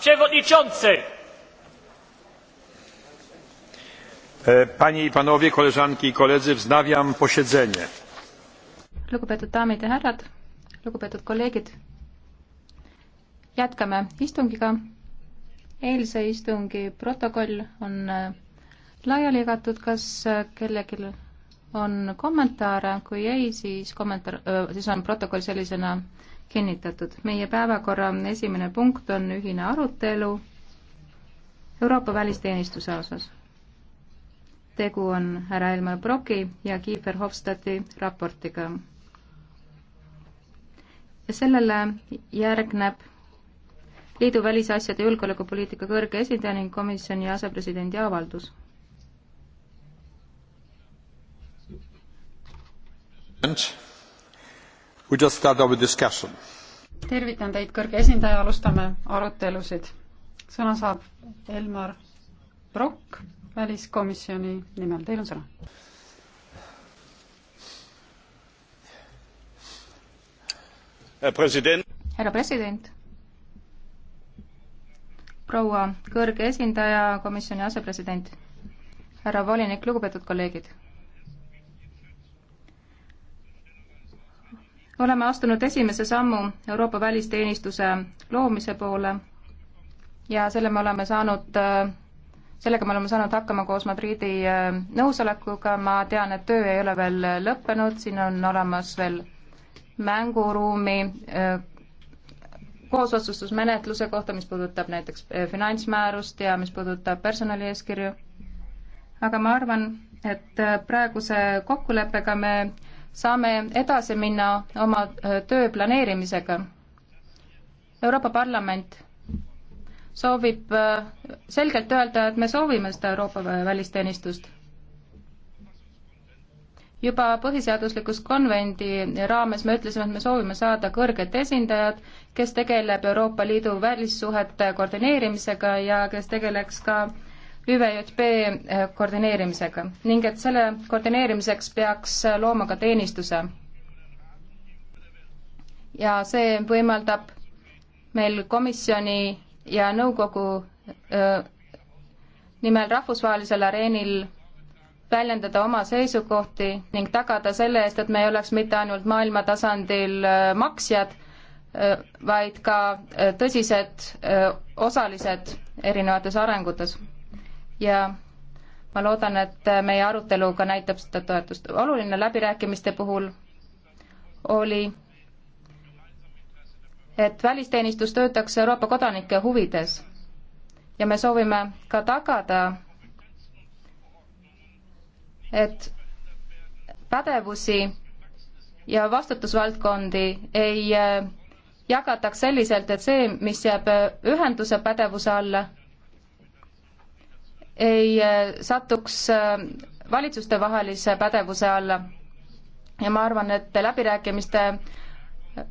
przewodniczący! E, panie i panowie, koleżanki i koledzy, wznawiam posiedzenie. Lugupeetud daamid ja härrad, lugupeetud kolleegid. Jätkame istungiga. Eilse istungi protokoll on e, laiali jagatud. Kas kellelgi on kommentaare? Kui ei, siis, kommentaar, e, siis on protokoll sellisena kinnitatud. meie päevakorra esimene punkt on ühine arutelu Euroopa välisteenistuse osas. tegu on härra Elmar Broki ja Kiefer Hofstadti raportiga. ja sellele järgneb liidu välisasjade julgeolekupoliitika kõrge esindaja ning komisjoni asepresidendi avaldus. and tervitan teid, kõrge esindaja, alustame arutelusid. sõna saab Elmar Brokk väliskomisjoni nimel, teil on sõna. härra president, proua kõrge esindaja, komisjoni asepresident, härra volinik, lugupeetud kolleegid me oleme astunud esimese sammu Euroopa välisteenistuse loomise poole ja selle me oleme saanud sellega me oleme saanud hakkama koos Madridi äh, nõusolekuga, ma tean, et töö ei ole veel lõppenud, siin on olemas veel mänguruumi äh, koosotsustusmenetluse kohta, mis puudutab näiteks äh, finantsmäärust ja mis puudutab personalieeskirju. aga ma arvan, et praeguse kokkuleppega me saame edasi minna oma töö planeerimisega. Euroopa Parlament soovib selgelt öelda, et me soovime seda Euroopa välisteenistust. juba põhiseaduslikus konvendi raames me ütlesime, et me soovime saada kõrget esindajat, kes tegeleb Euroopa Liidu välissuhete koordineerimisega ja kes tegeleks ka äh, ÜVJP äh, koordineerimisega ning et selle koordineerimiseks peaks äh, looma ka teenistuse. ja see võimaldab meil komisjoni ja nõukogu öö, äh, nimel rahvusvahelisel areenil väljendada oma seisukohti ning tagada selle eest, et me ei oleks mitte ainult maailma tasandil maksjad, vaid ka tõsised osalised erinevates arengutes ja ma loodan, et meie arutelu ka näitab seda toetust. oluline läbirääkimiste puhul oli, et välisteenistus töötaks Euroopa kodanike huvides ja me soovime ka tagada, et pädevusi ja vastutusvaldkondi ei jagataks selliselt, et see, mis jääb ühenduse pädevuse alla, ei äh, satuks äh, valitsustevahelise pädevuse alla. ja ma arvan, et läbirääkimiste äh,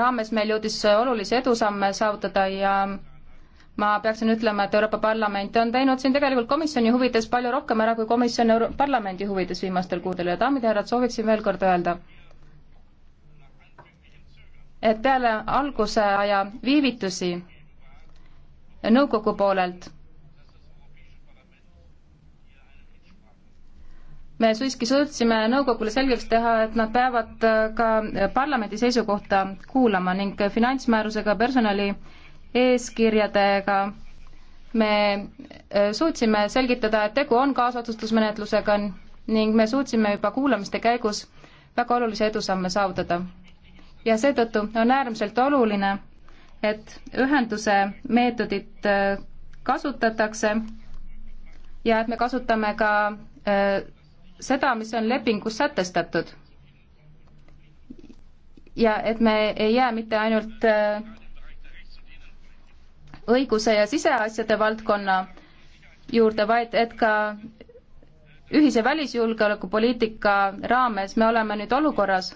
raames meil jõudis olulisi edusamme saavutada ja ma peaksin ütlema, et Euroopa Parlament on teinud siin tegelikult komisjoni huvides palju rohkem ära kui komisjon Euro parlamendi huvides viimastel kuudel ja daamid ja härrad, sooviksin veel kord öelda, et peale alguse aja viivitusi nõukogu poolelt me siiski suutsime nõukogule selgeks teha, et nad peavad äh, ka parlamendi seisukohta kuulama ning finantsmäärusega personali eeskirjadega me äh, suutsime selgitada, et tegu on kaasotsustusmenetlusega ning me suutsime juba kuulamiste käigus väga olulise edusamme saavutada. ja seetõttu on äärmiselt oluline, et ühenduse meetodit äh, kasutatakse ja et me kasutame ka seda, mis on lepingus sätestatud. ja et me ei jää mitte ainult äh, õiguse ja siseasjade valdkonna juurde, vaid et ka ühise välisjulgeolekupoliitika raames me oleme nüüd olukorras,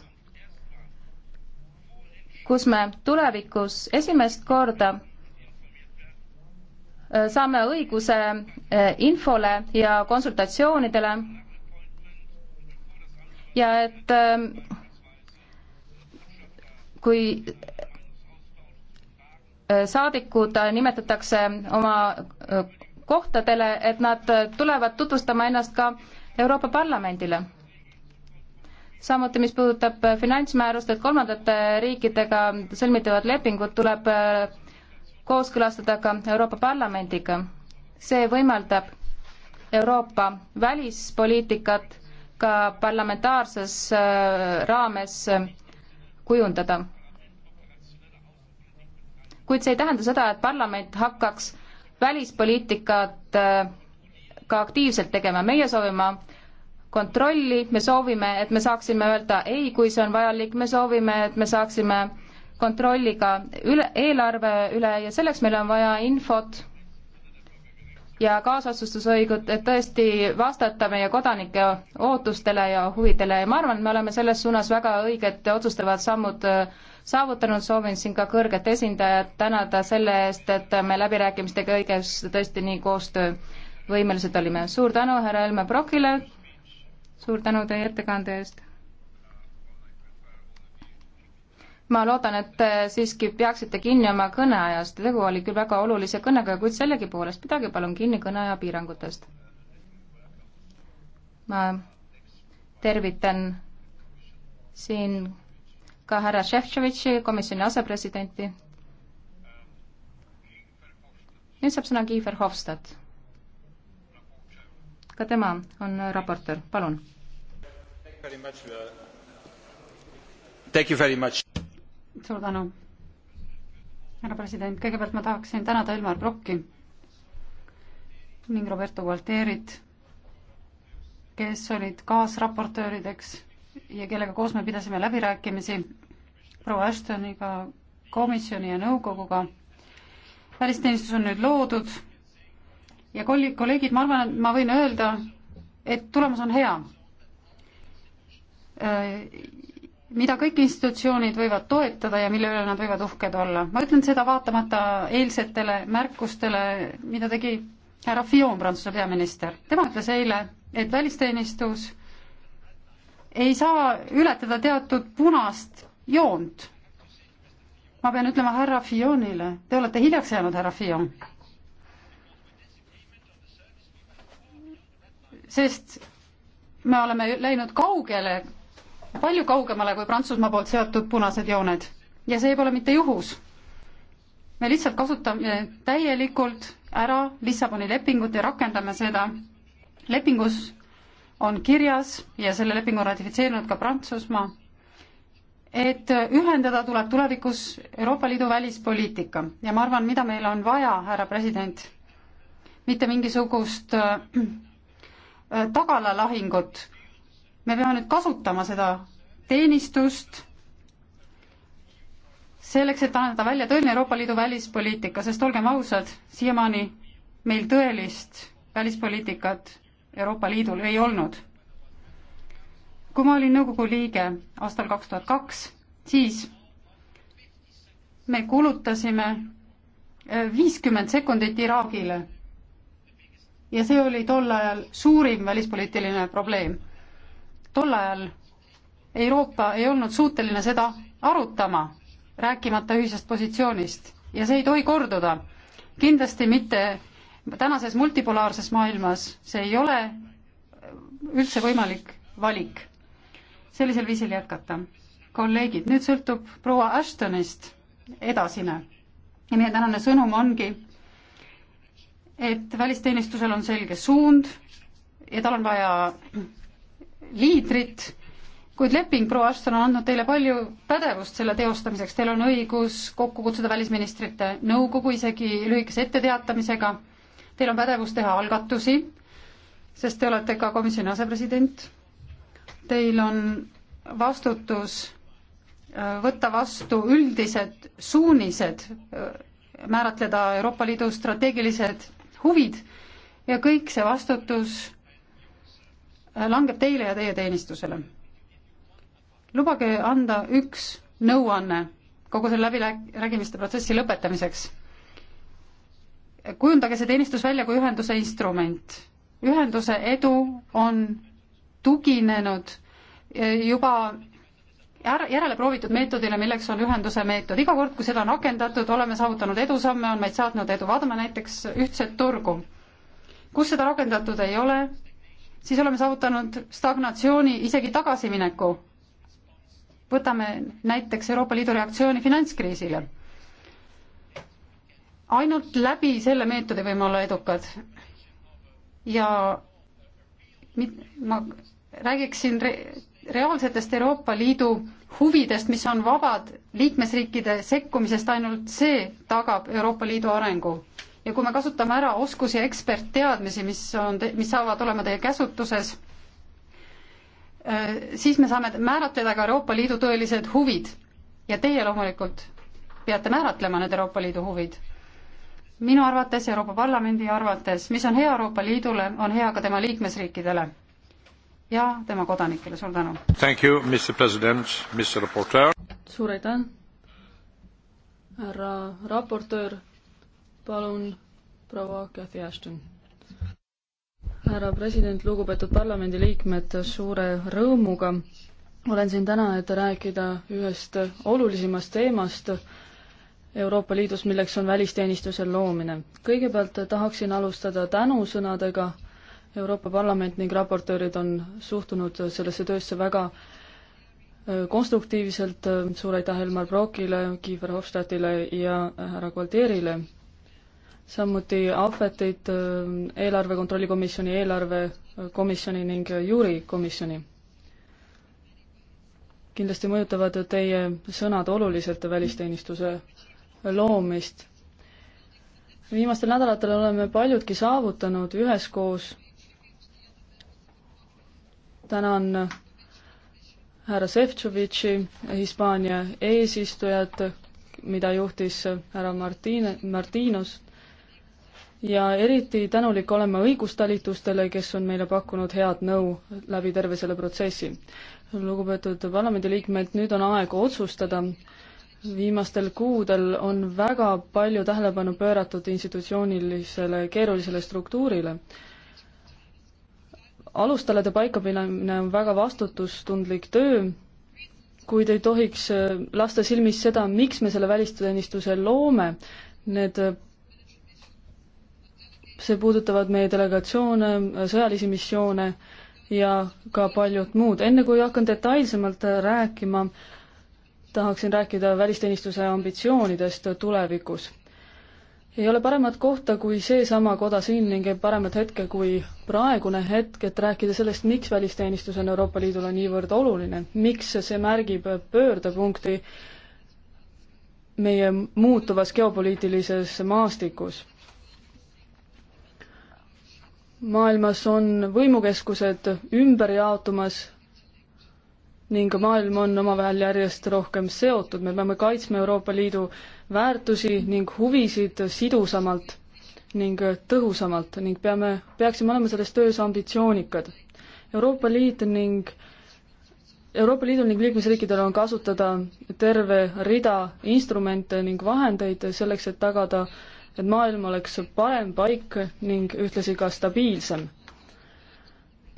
kus me tulevikus esimest korda äh, saame õiguse äh, infole ja konsultatsioonidele ja et ähm, kui äh, saadikud nimetatakse oma äh, kohtadele, et nad tulevad tutvustama ennast ka Euroopa Parlamendile. samuti, mis puudutab finantsmäärust, et kolmandate riikidega sõlmitavad lepingud tuleb äh, kooskõlastada ka Euroopa Parlamendiga. see võimaldab Euroopa välispoliitikat ka parlamentaarses äh, raames äh, kujundada. kuid see ei tähenda seda, et parlament hakkaks välispoliitikat äh, ka aktiivselt tegema, meie soovime kontrolli, me soovime, et me saaksime öelda ei, kui see on vajalik, me soovime, et me saaksime kontrolliga üle, eelarve üle ja selleks meil on vaja infot ja kaasotsustusõigut, et tõesti vastata meie kodanike ootustele ja huvidele ja ma arvan, et me oleme selles suunas väga õiged otsustavad sammud äh, saavutanud, soovin siin ka kõrget esindajat tänada selle eest, et me läbirääkimistega õiges tõesti nii koostöövõimelised olime. suur tänu härra Helme Brokile, suur tänu teie ettekande eest! ma loodan, et te siiski peaksite kinni oma kõneajast, tegu oli küll väga olulise kõnega, kuid sellegipoolest pidage palun kinni kõneaja piirangutest. ma tervitan siin ka härra Šefčovitši, komisjoni asepresidenti. nüüd saab sõna Kiiver Hofstad. ka tema on raportöör, palun. Thank you very much suur tänu, härra president, kõigepealt ma tahaksin tänada Elmar Brokki ning Roberto Gualterit, kes olid kaasraportöörideks ja kellega koos me pidasime läbirääkimisi proua Ashtoniga, komisjoni ja nõukoguga. välisteenistus on nüüd loodud ja kolli-, kolleegid, ma arvan, et ma võin öelda, et tulemus on hea äh, mida kõik institutsioonid võivad toetada ja mille üle nad võivad uhked olla. ma ütlen seda vaatamata eilsetele märkustele, mida tegi härra Fillon, Prantsuse peaminister. tema ütles eile, et välisteenistus ei saa ületada teatud punast joont. ma pean ütlema härra Fillonile, te olete hiljaks jäänud, härra Fillon. sest me oleme läinud kaugele palju kaugemale kui Prantsusmaa poolt seatud punased jooned ja see pole mitte juhus. me lihtsalt kasutame täielikult ära Lissaboni lepingut ja rakendame seda. lepingus on kirjas ja selle lepingu on ratifitseerinud ka Prantsusmaa, et ühendada tuleb tulevikus Euroopa Liidu välispoliitika ja ma arvan, mida meil on vaja, härra president, mitte mingisugust äh, tagalalahingut me peame nüüd kasutama seda teenistust selleks, et anda välja tõeline Euroopa Liidu välispoliitika, sest olgem ausad, siiamaani meil tõelist välispoliitikat Euroopa Liidul ei olnud. kui ma olin nõukogu liige aastal kaks tuhat kaks, siis me kulutasime äh, viiskümmend sekundit Iraagile ja see oli tol ajal suurim välispoliitiline probleem tol ajal Euroopa ei olnud suuteline seda arutama, rääkimata ühisest positsioonist ja see ei tohi korduda. kindlasti mitte tänases multipolaarses maailmas, see ei ole üldse võimalik valik sellisel viisil jätkata. kolleegid, nüüd sõltub proua Ashtonist edasine ja meie tänane sõnum ongi, et välisteenistusel on selge suund ja tal on vaja liidrit, kuid leping, proua Ashton, on andnud teile palju pädevust selle teostamiseks, teil on õigus kokku kutsuda välisministrite nõukogu isegi lühikese etteteatamisega, teil on pädevus teha algatusi, sest te olete ka komisjoni asepresident, teil on vastutus äh, võtta vastu üldised suunised, äh, määratleda Euroopa Liidu strateegilised huvid ja kõik see vastutus langeb teile ja teie teenistusele. lubage anda üks nõuanne kogu selle läbirääkimiste protsessi lõpetamiseks. kujundage see teenistus välja kui ühenduse instrument. ühenduse edu on tuginenud eh, juba järele proovitud meetodile, milleks on ühenduse meetod. iga kord, kui seda on rakendatud, oleme saavutanud edusamme, on meid saatnud edu. vaatame näiteks ühtset turgu. kus seda rakendatud ei ole, siis oleme saavutanud stagnatsiooni, isegi tagasimineku. võtame näiteks Euroopa Liidu reaktsiooni finantskriisile. ainult läbi selle meetodi võime olla edukad. ja mit, ma räägiksin re reaalsetest Euroopa Liidu huvidest, mis on vabad liikmesriikide sekkumisest, ainult see tagab Euroopa Liidu arengu ja kui me kasutame ära oskusi ja ekspertteadmisi, mis on, mis saavad olema teie käsutuses, äh, siis me saame määratleda ka Euroopa Liidu tõelised huvid ja teie loomulikult peate määratlema need Euroopa Liidu huvid. minu arvates, Euroopa Parlamendi arvates, mis on hea Euroopa Liidule, on hea ka tema liikmesriikidele ja tema kodanikele, suur tänu! suur aitäh, härra raportöör palun, proua Cathy Ashton. härra president, lugupeetud parlamendiliikmed, suure rõõmuga olen siin täna, et rääkida ühest olulisemast teemast Euroopa Liidus, milleks on välisteenistuse loomine. kõigepealt tahaksin alustada tänusõnadega. Euroopa Parlament ning raportöörid on suhtunud sellesse töösse väga äh, konstruktiivselt, suur aitäh Elmar Brokile, Kiefer Hofstadtile ja äh, härra Gualtierile samuti ahveteid äh, eelarve kontrolli komisjoni, eelarvekomisjoni äh, ning äh, juurikomisjoni. kindlasti mõjutavad teie sõnad oluliselt välisteenistuse loomist. viimastel nädalatel oleme paljudki saavutanud üheskoos. tänan härra Šefčovitši, Hispaania eesistujat, mida juhtis härra Martine, Martinos ja eriti tänulik olema õigustalitustele, kes on meile pakkunud head nõu läbi terve selle protsessi. lugupeetud parlamendiliikmed, nüüd on aeg otsustada. viimastel kuudel on väga palju tähelepanu pööratud institutsioonilisele keerulisele struktuurile alustalade paikapanemine on väga vastutustundlik töö, kuid ei tohiks lasta silmis seda, miks me selle välisteenistuse loome. Need see puudutavad meie delegatsioone, sõjalisi missioone ja ka paljut muud. enne kui hakkan detailsemalt rääkima, tahaksin rääkida välisteenistuse ambitsioonidest tulevikus. ei ole paremat kohta kui seesama koda siin ning paremat hetke kui praegune hetk, et rääkida sellest, miks välisteenistus on Euroopa Liidule niivõrd oluline, miks see märgib pöördepunkti meie muutuvas geopoliitilises maastikus maailmas on võimukeskused ümber jaotumas ning maailm on omavahel järjest rohkem seotud, me peame kaitsma Euroopa Liidu väärtusi ning huvisid sidusamalt ning tõhusamalt ning peame, peaksime olema selles töös ambitsioonikad. Euroopa Liit ning, Euroopa Liidul ning liikmesriikidel on kasutada terve rida instrumente ning vahendeid selleks, et tagada äh, et maailm oleks parem paik ning ühtlasi ka stabiilsem.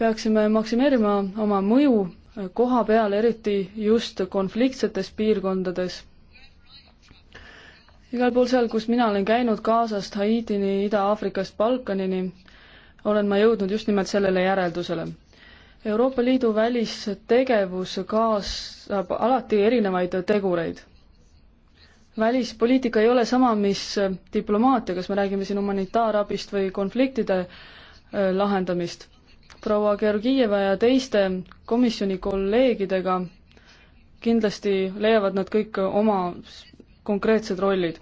peaksime maksimeerima oma mõju koha peal, eriti just konfliktsetes piirkondades. igal pool seal, kus mina olen käinud, Gazast Haitini, Ida-Aafrikast Balkanini, olen ma jõudnud just nimelt sellele järeldusele. Euroopa Liidu välistegevus kaasab alati erinevaid tegureid välispoliitika ei ole sama, mis äh, diplomaatia, kas me räägime siin humanitaarabist või konfliktide äh, lahendamist. proua Georgieva ja teiste komisjoni kolleegidega kindlasti leiavad nad kõik oma konkreetsed rollid.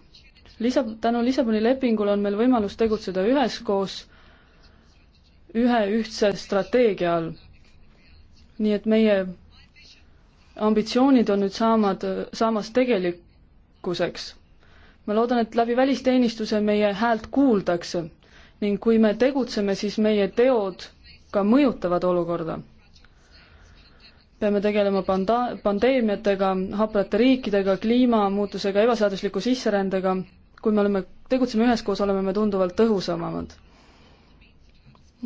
lisa, tänu Lissaboni lepingule on meil võimalus tegutseda üheskoos ühe ühtse strateegia all. nii et meie ambitsioonid on nüüd saamad, saamas tegelik, jõukuseks. ma loodan, et läbi välisteenistuse meie häält kuuldakse ning kui me tegutseme, siis meie teod ka mõjutavad olukorda. peame tegelema panda-, pandeemiatega, haprate riikidega, kliimamuutusega, ebaseadusliku sisserändega, kui me oleme, tegutseme üheskoos, oleme me tunduvalt tõhusamad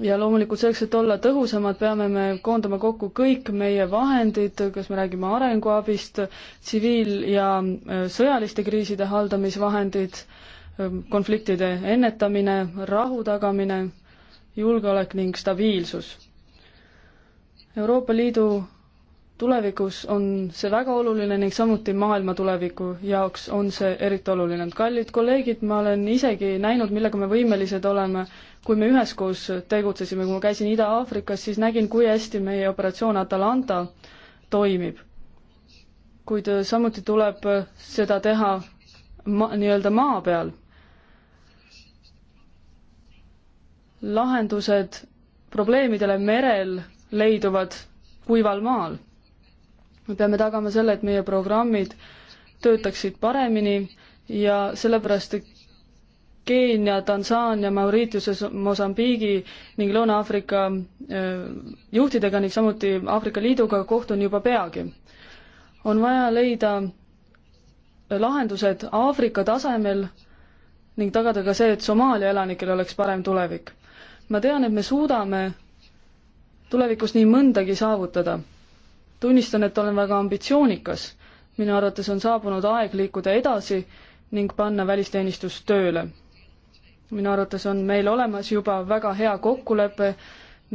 ja loomulikult selleks, et olla tõhusamad, peame me koondama kokku kõik meie vahendid, kas me räägime arenguabist, tsiviil- ja äh, sõjaliste kriiside haldamisvahendid, äh, konfliktide ennetamine, rahu tagamine, julgeolek ning stabiilsus. Euroopa Liidu tulevikus on see väga oluline ning samuti maailma tuleviku jaoks on see eriti oluline. kallid kolleegid, ma olen isegi näinud, millega me võimelised oleme kui me üheskoos tegutsesime, kui ma käisin Ida-Aafrikas, siis nägin, kui hästi meie operatsioon Atalanta toimib. kuid äh, samuti tuleb äh, seda teha ma-, nii-öelda maa peal. lahendused probleemidele merel leiduvad kuival maal. me peame tagama selle, et meie programmid töötaksid paremini ja sellepärast Keenia, Tansaania, Mauritiuse, Mosambiigi ning Lõuna-Aafrika äh, juhtidega ning samuti Aafrika Liiduga kohtun juba peagi. on vaja leida lahendused Aafrika tasemel ning tagada ka see, et Somaalia elanikel oleks parem tulevik. ma tean, et me suudame tulevikus nii mõndagi saavutada. tunnistan, et olen väga ambitsioonikas. minu arvates on saabunud aeg liikuda edasi ning panna välisteenistus tööle minu arvates on meil olemas juba väga hea kokkulepe,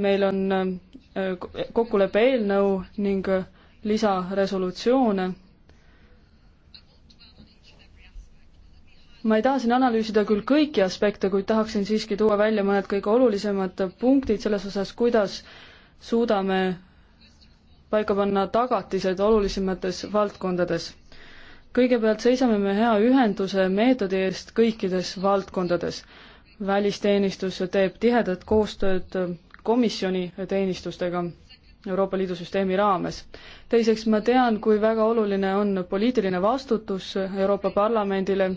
meil on äh, kokkuleppe eelnõu ning äh, lisaresolutsioone. ma ei taha siin analüüsida küll kõiki aspekte, kuid tahaksin siiski tuua välja mõned kõige olulisemad punktid selles osas, kuidas suudame paika panna tagatised olulisemates valdkondades. kõigepealt seisame me hea ühenduse meetodi eest kõikides valdkondades välisteenistus teeb tihedat koostööd komisjoni teenistustega Euroopa Liidu süsteemi raames. teiseks, ma tean, kui väga oluline on poliitiline vastutus Euroopa Parlamendile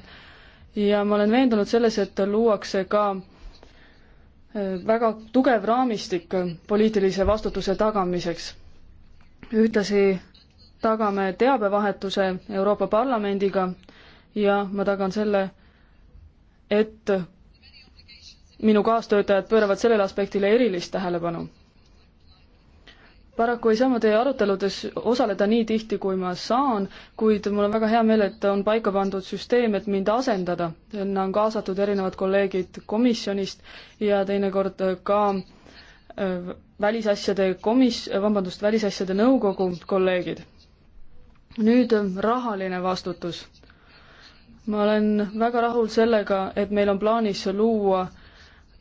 ja ma olen veendunud selles, et luuakse ka äh, väga tugev raamistik poliitilise vastutuse tagamiseks. ühtlasi tagame teabevahetuse Euroopa Parlamendiga ja ma tagan selle, et minu kaastöötajad pööravad sellele aspektile erilist tähelepanu. paraku ei saa ma teie aruteludes osaleda nii tihti, kui ma saan, kuid mul on väga hea meel, et on paika pandud süsteem, et mind asendada. sinna on kaasatud erinevad kolleegid komisjonist ja teinekord ka äh, välisasjade komis-, vabandust, välisasjade nõukogu kolleegid. nüüd äh, rahaline vastutus ma olen väga rahul sellega, et meil on plaanis luua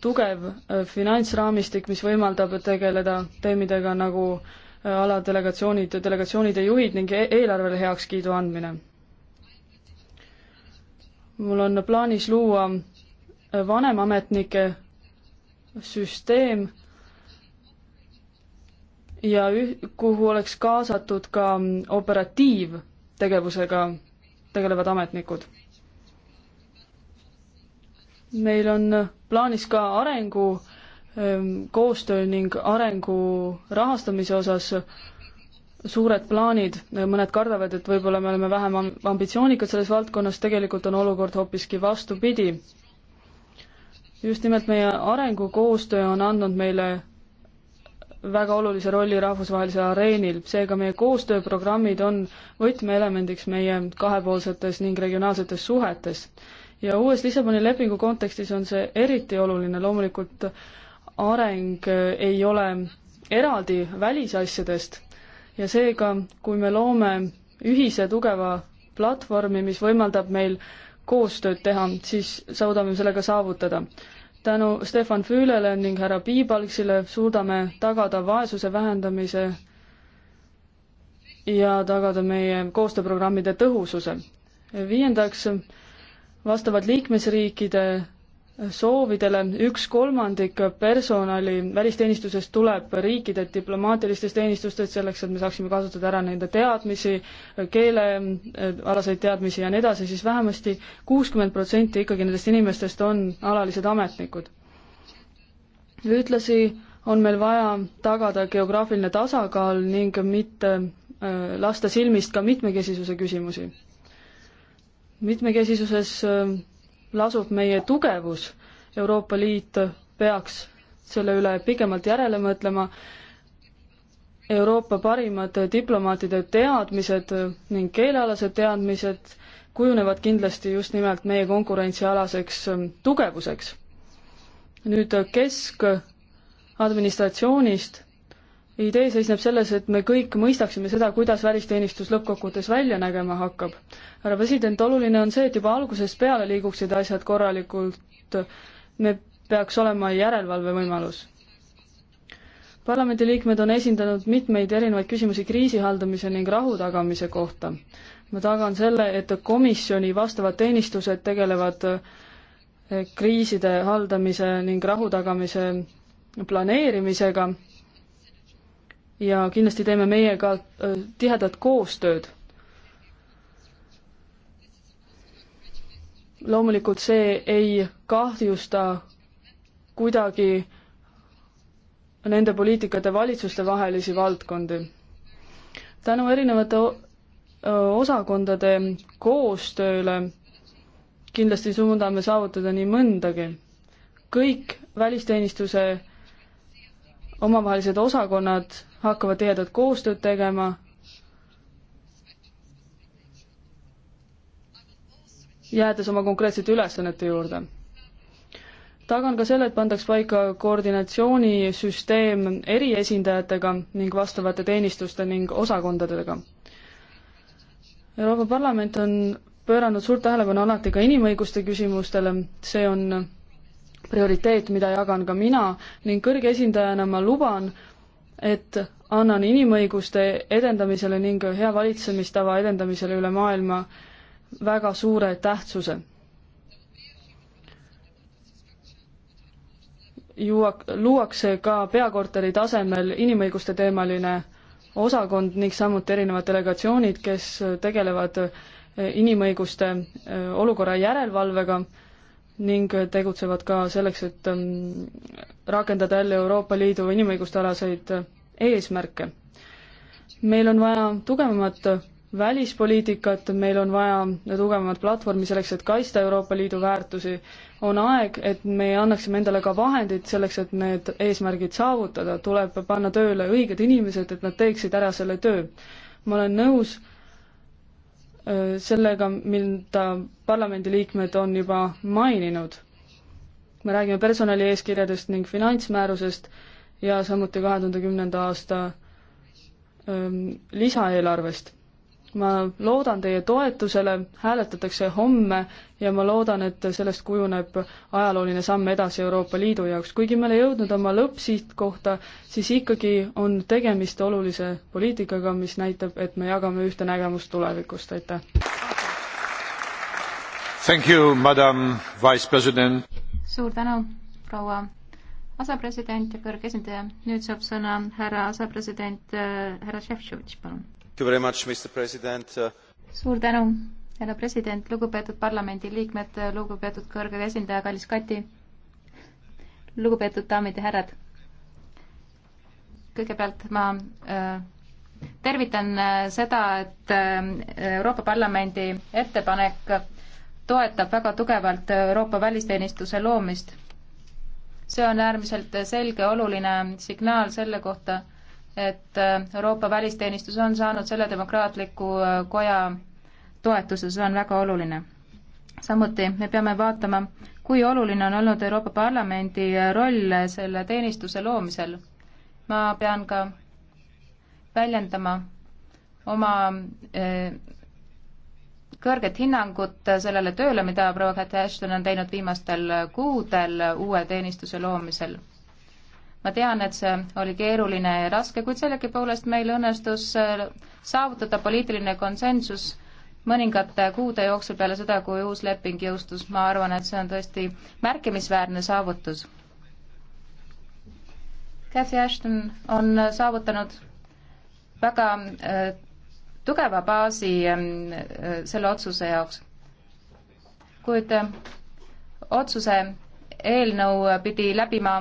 tugev äh, finantsraamistik, mis võimaldab tegeleda teemadega nagu äh, aladelegatsioonid, delegatsioonide juhid ning e-, eelarvele heakskiidu andmine. mul on plaanis luua äh, vanemametnike süsteem ja üh-, kuhu oleks kaasatud ka mm, operatiivtegevusega tegelevad ametnikud. meil on plaanis ka arengu ähm, koostöö ning arengu rahastamise osas suured plaanid, mõned kardavad, et võib-olla me oleme vähem ambitsioonikad selles valdkonnas, tegelikult on olukord hoopiski vastupidi. just nimelt meie arengukoostöö on andnud meile väga olulise rolli rahvusvahelisel areenil, seega meie koostööprogrammid on võtmeelemendiks meie kahepoolsetes ning regionaalsetes suhetes ja uues Lissaboni lepingu kontekstis on see eriti oluline, loomulikult areng äh, ei ole eraldi välisasjadest ja seega, kui me loome ühise tugeva platvormi, mis võimaldab meil koostööd teha, siis suudame sellega saavutada. tänu Stefan Füülele ning härra Piibalksile suudame tagada vaesuse vähendamise ja tagada meie koostööprogrammide tõhususe. viiendaks, vastavalt liikmesriikide soovidele üks kolmandik personali välisteenistusest tuleb riikide diplomaatilistest teenistustest, selleks et me saaksime kasutada ära nende teadmisi, keelealaseid teadmisi ja nii edasi, siis vähemasti kuuskümmend protsenti ikkagi nendest inimestest on alalised ametnikud. ühtlasi on meil vaja tagada geograafiline tasakaal ning mitte äh, lasta silmist ka mitmekesisuse küsimusi mitmekesisuses ähm, lasub meie tugevus. Euroopa Liit peaks selle üle pikemalt järele mõtlema. Euroopa parimad diplomaatide teadmised ning keelealased teadmised kujunevad kindlasti just nimelt meie konkurentsialaseks ähm, tugevuseks. nüüd äh, keskadministratsioonist idee seisneb selles, et me kõik mõistaksime seda, kuidas välisteenistus lõppkokkuvõttes välja nägema hakkab. härra president, oluline on see, et juba algusest peale liiguksid asjad korralikult, me peaks olema järelevalvevõimalus. parlamendiliikmed on esindanud mitmeid erinevaid küsimusi kriisi haldamise ning rahu tagamise kohta. ma tagan selle, et komisjoni vastavad teenistused tegelevad eh, kriiside haldamise ning rahu tagamise planeerimisega ja kindlasti teeme meiega äh, tihedat koostööd. loomulikult see ei kahjusta kuidagi nende poliitikate valitsuste vahelisi valdkondi. tänu erinevate osakondade koostööle kindlasti suudame saavutada nii mõndagi. kõik välisteenistuse omavahelised osakonnad hakkavad tihedat koostööd tegema. jäädes oma konkreetsete ülesannete juurde. tagan ka selle, et pandaks paika koordinatsioonisüsteem eriesindajatega ning vastavate teenistuste ning osakondadega. Euroopa Parlament on pööranud suurt tähelepanu alati ka inimõiguste küsimustele, see on prioriteet, mida jagan ka mina ning kõrge esindajana ma luban, et annan inimõiguste edendamisele ning hea valitsemistava edendamisele üle maailma väga suure tähtsuse. juua-, luuakse ka peakorteri tasemel inimõiguste teemaline osakond ning samuti erinevad delegatsioonid, kes tegelevad inimõiguste äh, olukorra järelevalvega ning tegutsevad ka selleks, et ähm, rakendada jälle Euroopa Liidu inimõiguste alaseid äh, eesmärke. meil on vaja tugevamat äh, välispoliitikat, meil on vaja tugevamat platvormi selleks, et kaitsta Euroopa Liidu väärtusi, on aeg, et me annaksime endale ka vahendid selleks, et need eesmärgid saavutada, tuleb panna tööle õiged inimesed, et nad teeksid ära selle töö. ma olen nõus äh, sellega, mida parlamendiliikmed on juba maininud. me räägime personalieeskirjadest ning finantsmäärusest ja samuti kahe tuhande kümnenda aasta ähm, lisaeelarvest ma loodan teie toetusele, hääletatakse homme ja ma loodan, et sellest kujuneb ajalooline samm edasi Euroopa Liidu jaoks. kuigi me ei jõudnud oma lõppsihtkohta, siis ikkagi on tegemist olulise poliitikaga, mis näitab, et me jagame ühte nägemust tulevikust, aitäh! suur tänu, proua asepresident ja kõrge esindaja. nüüd saab sõna härra asepresident, äh, härra Šefčovitš, palun Uh, suur tänu, härra president, lugupeetud parlamendiliikmed, lugupeetud kõrge esindaja, kallis Kati, lugupeetud daamid ja härrad. kõigepealt ma äh, tervitan äh, seda, et äh, Euroopa Parlamendi ettepanek toetab väga tugevalt Euroopa välisteenistuse loomist. see on äärmiselt selge oluline signaal selle kohta, et äh, Euroopa välisteenistus on saanud selle demokraatliku äh, koja toetuse, see on väga oluline. samuti me peame vaatama, kui oluline on olnud Euroopa Parlamendi äh, roll selle teenistuse loomisel. ma pean ka väljendama oma kõrget hinnangut sellele tööle, mida proua Käte Ashton on teinud viimastel kuudel uue teenistuse loomisel ma tean, et see oli keeruline ja raske, kuid sellegipoolest meil õnnestus äh, saavutada poliitiline konsensus mõningate kuude jooksul peale seda, kui uus leping jõustus, ma arvan, et see on tõesti märkimisväärne saavutus. Cathy Ashton on saavutanud väga äh, tugeva baasi ähm, äh, selle otsuse jaoks, kuid äh, otsuse eelnõu pidi läbima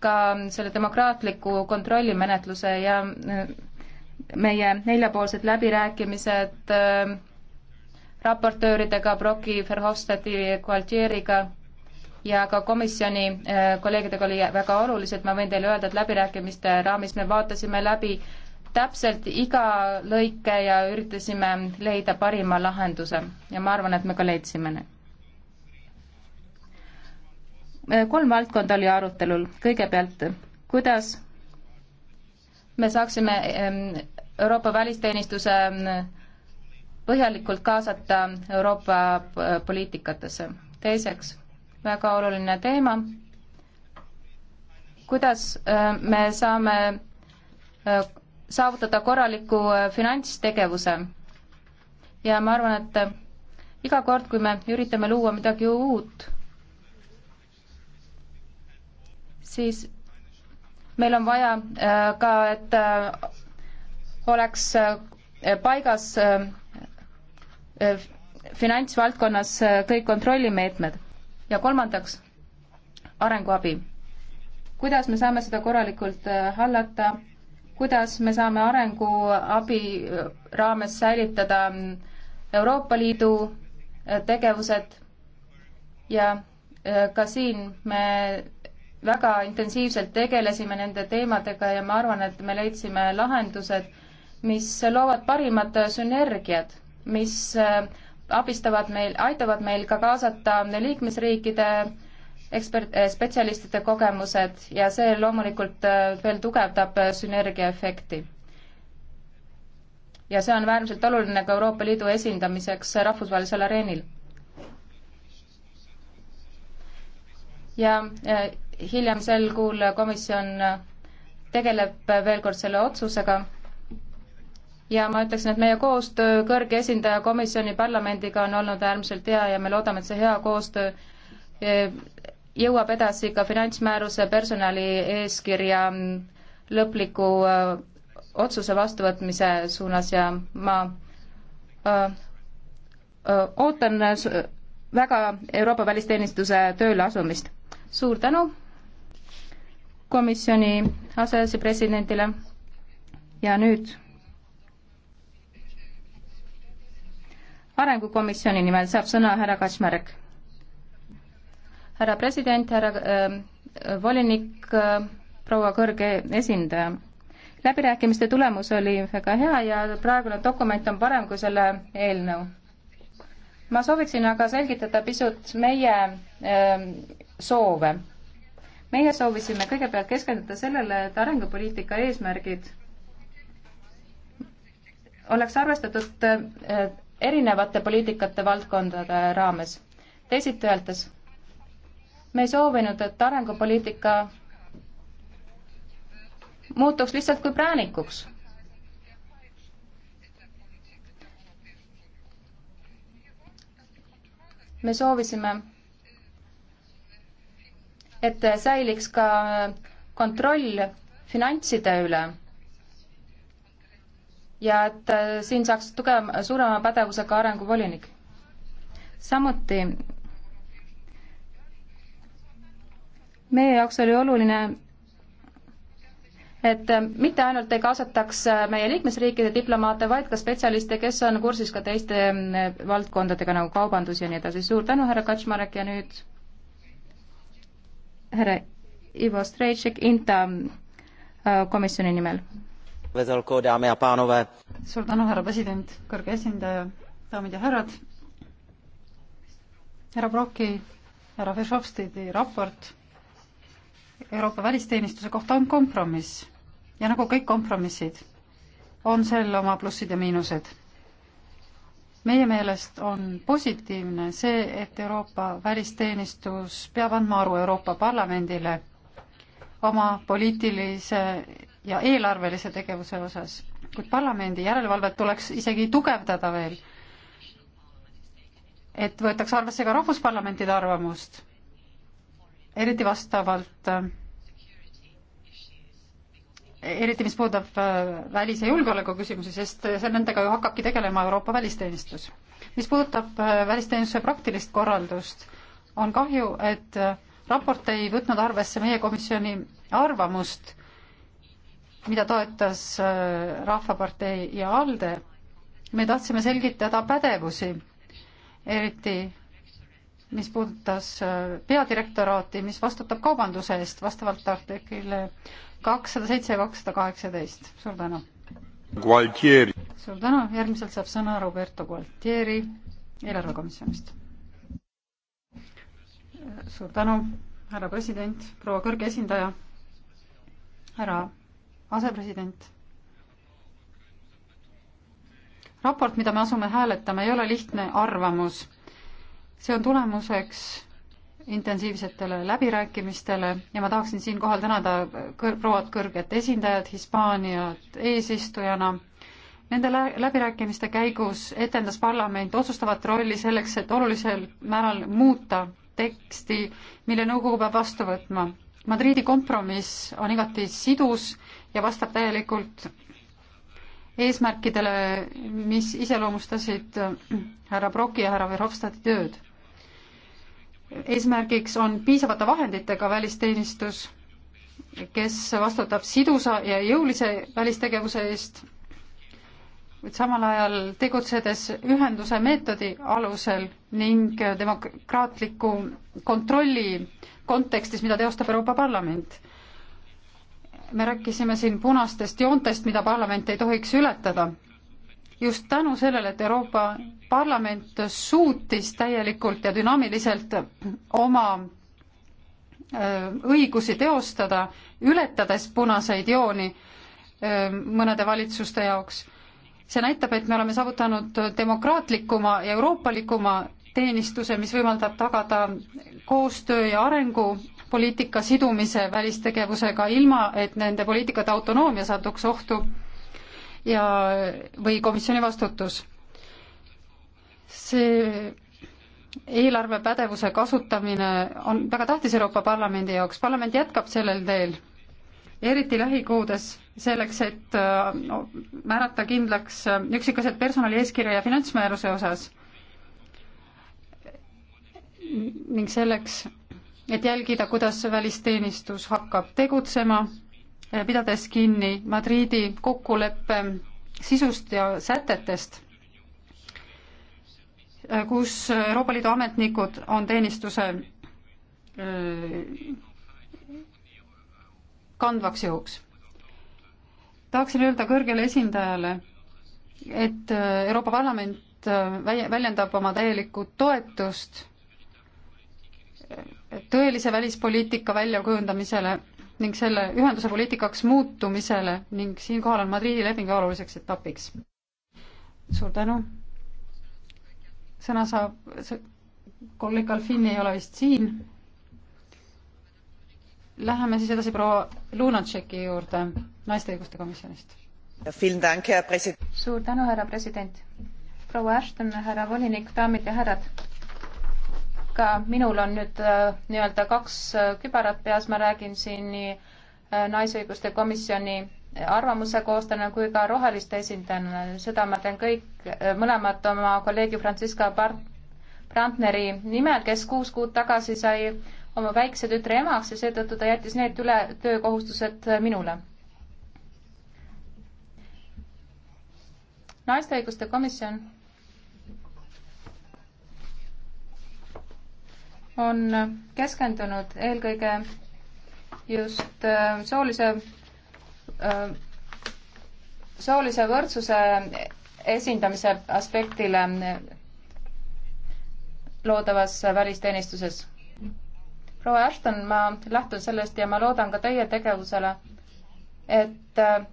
ka selle demokraatliku kontrollimenetluse ja äh, meie neljapoolsed läbirääkimised äh, raportööridega, Broki, Verhofstadti, Gualtieriga ja ka komisjoni äh, kolleegidega oli väga olulised, ma võin teile öelda, et läbirääkimiste raamis me vaatasime läbi täpselt iga lõike ja üritasime leida parima lahenduse ja ma arvan, et me ka leidsime need Äh, kolm valdkonda oli arutelul. kõigepealt, kuidas me saaksime ähm, Euroopa välisteenistuse ähm, põhjalikult kaasata Euroopa äh, poliitikatesse. teiseks, väga oluline teema, kuidas äh, me saame saavutada korraliku finantstegevuse. ja ma arvan, et iga kord, kui me üritame luua midagi uut, siis meil on vaja äh, ka, et äh, oleks äh, paigas finantsvaldkonnas kõik kontrollimeetmed ja kolmandaks, arenguabi. kuidas me saame seda korralikult hallata, kuidas me saame arenguabi raames säilitada mm, Euroopa Liidu tegevused ja ka siin me väga intensiivselt tegelesime nende teemadega ja ma arvan, et me leidsime lahendused, mis loovad parimad sünergiad, mis äh, abistavad meil, aitavad meil ka kaasata liikmesriikide ekspert, äh, spetsialistide kogemused ja see loomulikult äh, veel tugevdab sünergia efekti. ja see on äärmiselt oluline ka Euroopa Liidu esindamiseks rahvusvahelisel areenil. ja hiljem sel kuul komisjon tegeleb veel kord selle otsusega ja ma ütleksin, et meie koostöö kõrge esindaja komisjoni parlamendiga on olnud äärmiselt hea ja me loodame, et see hea koostöö e, jõuab edasi ka finantsmääruse personali eeskirja lõpliku e, otsuse vastuvõtmise suunas ja ma öö, e, öö, ootan väga Euroopa välisteenistuse tööle asumist. suur tänu! komisjoni asepresidendile ja nüüd arengukomisjoni nimel saab sõna härra Kaczmarek. härra president, härra äh, volinik äh,, proua kõrge esindaja. läbirääkimiste tulemus oli väga hea ja praegune dokument on parem kui selle eelnõu. ma sooviksin aga selgitada pisut meie äh, soove meie soovisime kõigepealt keskenduda sellele, et arengupoliitika eesmärgid oleks arvestatud äh, erinevate poliitikate valdkondade raames. teisiti öeldes, me ei soovinud, et arengupoliitika muutuks lihtsalt kui präänikuks me soovisime et säiliks ka kontroll finantside üle ja et äh, siin saaks tugev, suurema pädevusega arenguvolinik. samuti meie jaoks oli oluline, et äh, mitte ainult ei kaasataks äh, meie liikmesriikide diplomaate, vaid ka spetsialiste, kes on kursis ka teiste valdkondadega nagu kaubandus ja nii edasi. suur tänu, härra Kaczmarek ja nüüd härra Ivo Strejček Inta äh, komisjoni nimel. suur tänu, härra president, kõrge esindaja, daamid ja härrad. härra Brocki, härra Verhofstadi raport Euroopa välisteenistuse kohta on kompromiss ja nagu kõik kompromissid, on seal oma plussid ja miinused meie meelest on positiivne see, et Euroopa välisteenistus peab andma aru Euroopa Parlamendile oma poliitilise ja eelarvelise tegevuse osas, kuid parlamendi järelevalvet tuleks isegi tugevdada veel, et võetakse arvesse ka rahvusparlamentide arvamust, eriti vastavalt eriti mis puudutab äh, välis- ja julgeolekuküsimusi, sest see nendega ju hakkabki tegelema Euroopa välisteenistus. mis puudutab äh, välisteenistuse praktilist korraldust, on kahju, et äh, raport ei võtnud arvesse meie komisjoni arvamust, mida toetas Rahvapartei ja ALDE. me tahtsime selgitada pädevusi, eriti mis puudutas äh, peadirektoraati, mis vastutab kaubanduse eest vastavalt artiklile kakssada seitse ja kakssada kaheksateist. suur tänu. Gualtieri. suur tänu, järgmiselt saab sõna Roberto Gualtieri eelarvekomisjonist. suur tänu, härra president, proua kõrge esindaja, härra asepresident. raport, mida me asume hääletama, ei ole lihtne arvamus see on tulemuseks intensiivsetele läbirääkimistele ja ma tahaksin siinkohal tänada kõr prouad kõrget esindajat, Hispaaniat eesistujana. Nende läbirääkimiste käigus etendas parlament otsustavat rolli selleks, et olulisel määral muuta teksti, mille nõukogu peab vastu võtma. Madriidi kompromiss on igati sidus ja vastab täielikult eesmärkidele, mis iseloomustasid härra Broki ja härra Verhofstadti tööd eesmärgiks on piisavate vahenditega välisteenistus, kes vastutab sidusa ja jõulise välistegevuse eest, kuid samal ajal tegutsedes ühenduse meetodi alusel ning demokraatliku kontrolli kontekstis, mida teostab Euroopa Parlament. me rääkisime siin punastest joontest, mida parlament ei tohiks ületada just tänu sellele, et Euroopa Parlament suutis täielikult ja dünaamiliselt oma äh, õigusi teostada, ületades punaseid jooni äh, mõnede valitsuste jaoks. see näitab, et me oleme saavutanud demokraatlikuma ja euroopalikuma teenistuse, mis võimaldab tagada koostöö ja arengupoliitika sidumise välistegevusega, ilma et nende poliitikate autonoomia satuks ohtu ja, või komisjoni vastutus. see eelarvepädevuse kasutamine on väga tähtis Euroopa Parlamendi jaoks, parlament jätkab sellel teel, eriti lähikuudes, selleks, et no, äh, määrata kindlaks äh, üksikasjad personali eeskirja ja finantsmääruse osas ning selleks, et jälgida, kuidas välisteenistus hakkab tegutsema Eh, pidades kinni Madriidi kokkuleppe sisust ja sätetest, eh, kus Euroopa Liidu ametnikud on teenistuse eh, kandvaks jõuks. tahaksin öelda kõrgele esindajale, et Euroopa Parlament väljendab oma täielikku toetust tõelise välispoliitika väljakujundamisele, ning selle ühenduse poliitikaks muutumisele ning siinkohal on Madriidi leping oluliseks etapiks. suur tänu. sõna saab, kolleeg Alfini ei ole vist siin. Läheme siis edasi proua Lunatšeki juurde naiste õiguste komisjonist. suur tänu, härra president. proua Ashton, härra volinik, daamid ja härrad ka minul on nüüd äh, nii-öelda kaks äh, kübarat peas, ma räägin siin nii äh, Naisõiguste Komisjoni arvamuse koostajana kui ka roheliste esindajana, seda ma teen kõik, mõlemad oma kolleegi Franziska Bart-, Brandneri nimel, kes kuus kuud tagasi sai oma väikse tütre emaks ja seetõttu ta jättis need üle töökohustused minule. naiste õiguste komisjon on keskendunud eelkõige just äh, soolise, äh, soolise võrdsuse esindamise aspektile loodavas välisteenistuses. proua Ashton, ma lähtun sellest ja ma loodan ka teie tegevusele, et äh,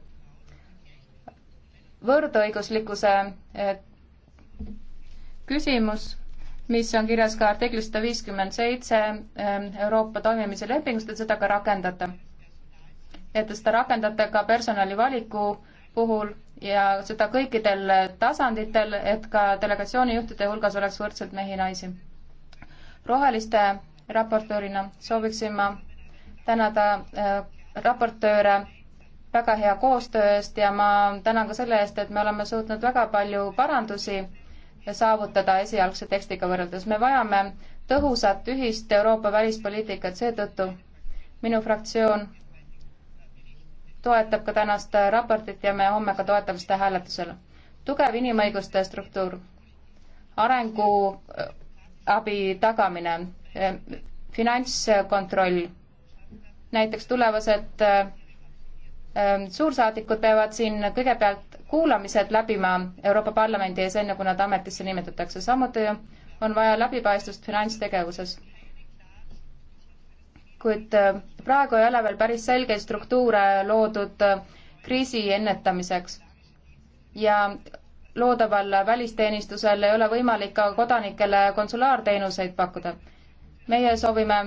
võrdõiguslikkuse küsimus mis on kirjas ka artiklis sada viiskümmend seitse ähm, Euroopa toimimise lepingust, et seda ka rakendada. et seda rakendada ka personali valiku puhul ja seda kõikidel tasanditel, et ka delegatsioonijuhtide hulgas oleks võrdselt mehi ja naisi. roheliste raportöörina sooviksin ma tänada äh, raportööre väga hea koostöö eest ja ma tänan ka selle eest, et me oleme suutnud väga palju parandusi saavutada esialgse tekstiga võrreldes. me vajame tõhusat ühist Euroopa välispoliitikat, seetõttu minu fraktsioon toetab ka tänast raportit ja me homme ka toetame seda hääletusel. tugev inimõiguste struktuur, arenguabi äh, tagamine, äh, finantskontroll, näiteks tulevased äh, Ehm, suursaadikud peavad siin kõigepealt kuulamised läbima Euroopa Parlamendi ees, enne kui nad ametisse nimetatakse. samuti on vaja läbipaistvust finantstegevuses. kuid eh, praegu ei ole veel päris selgeid struktuure loodud eh, kriisi ennetamiseks ja loodaval välisteenistusel ei ole võimalik ka kodanikele konsulaarteenuseid pakkuda. meie soovime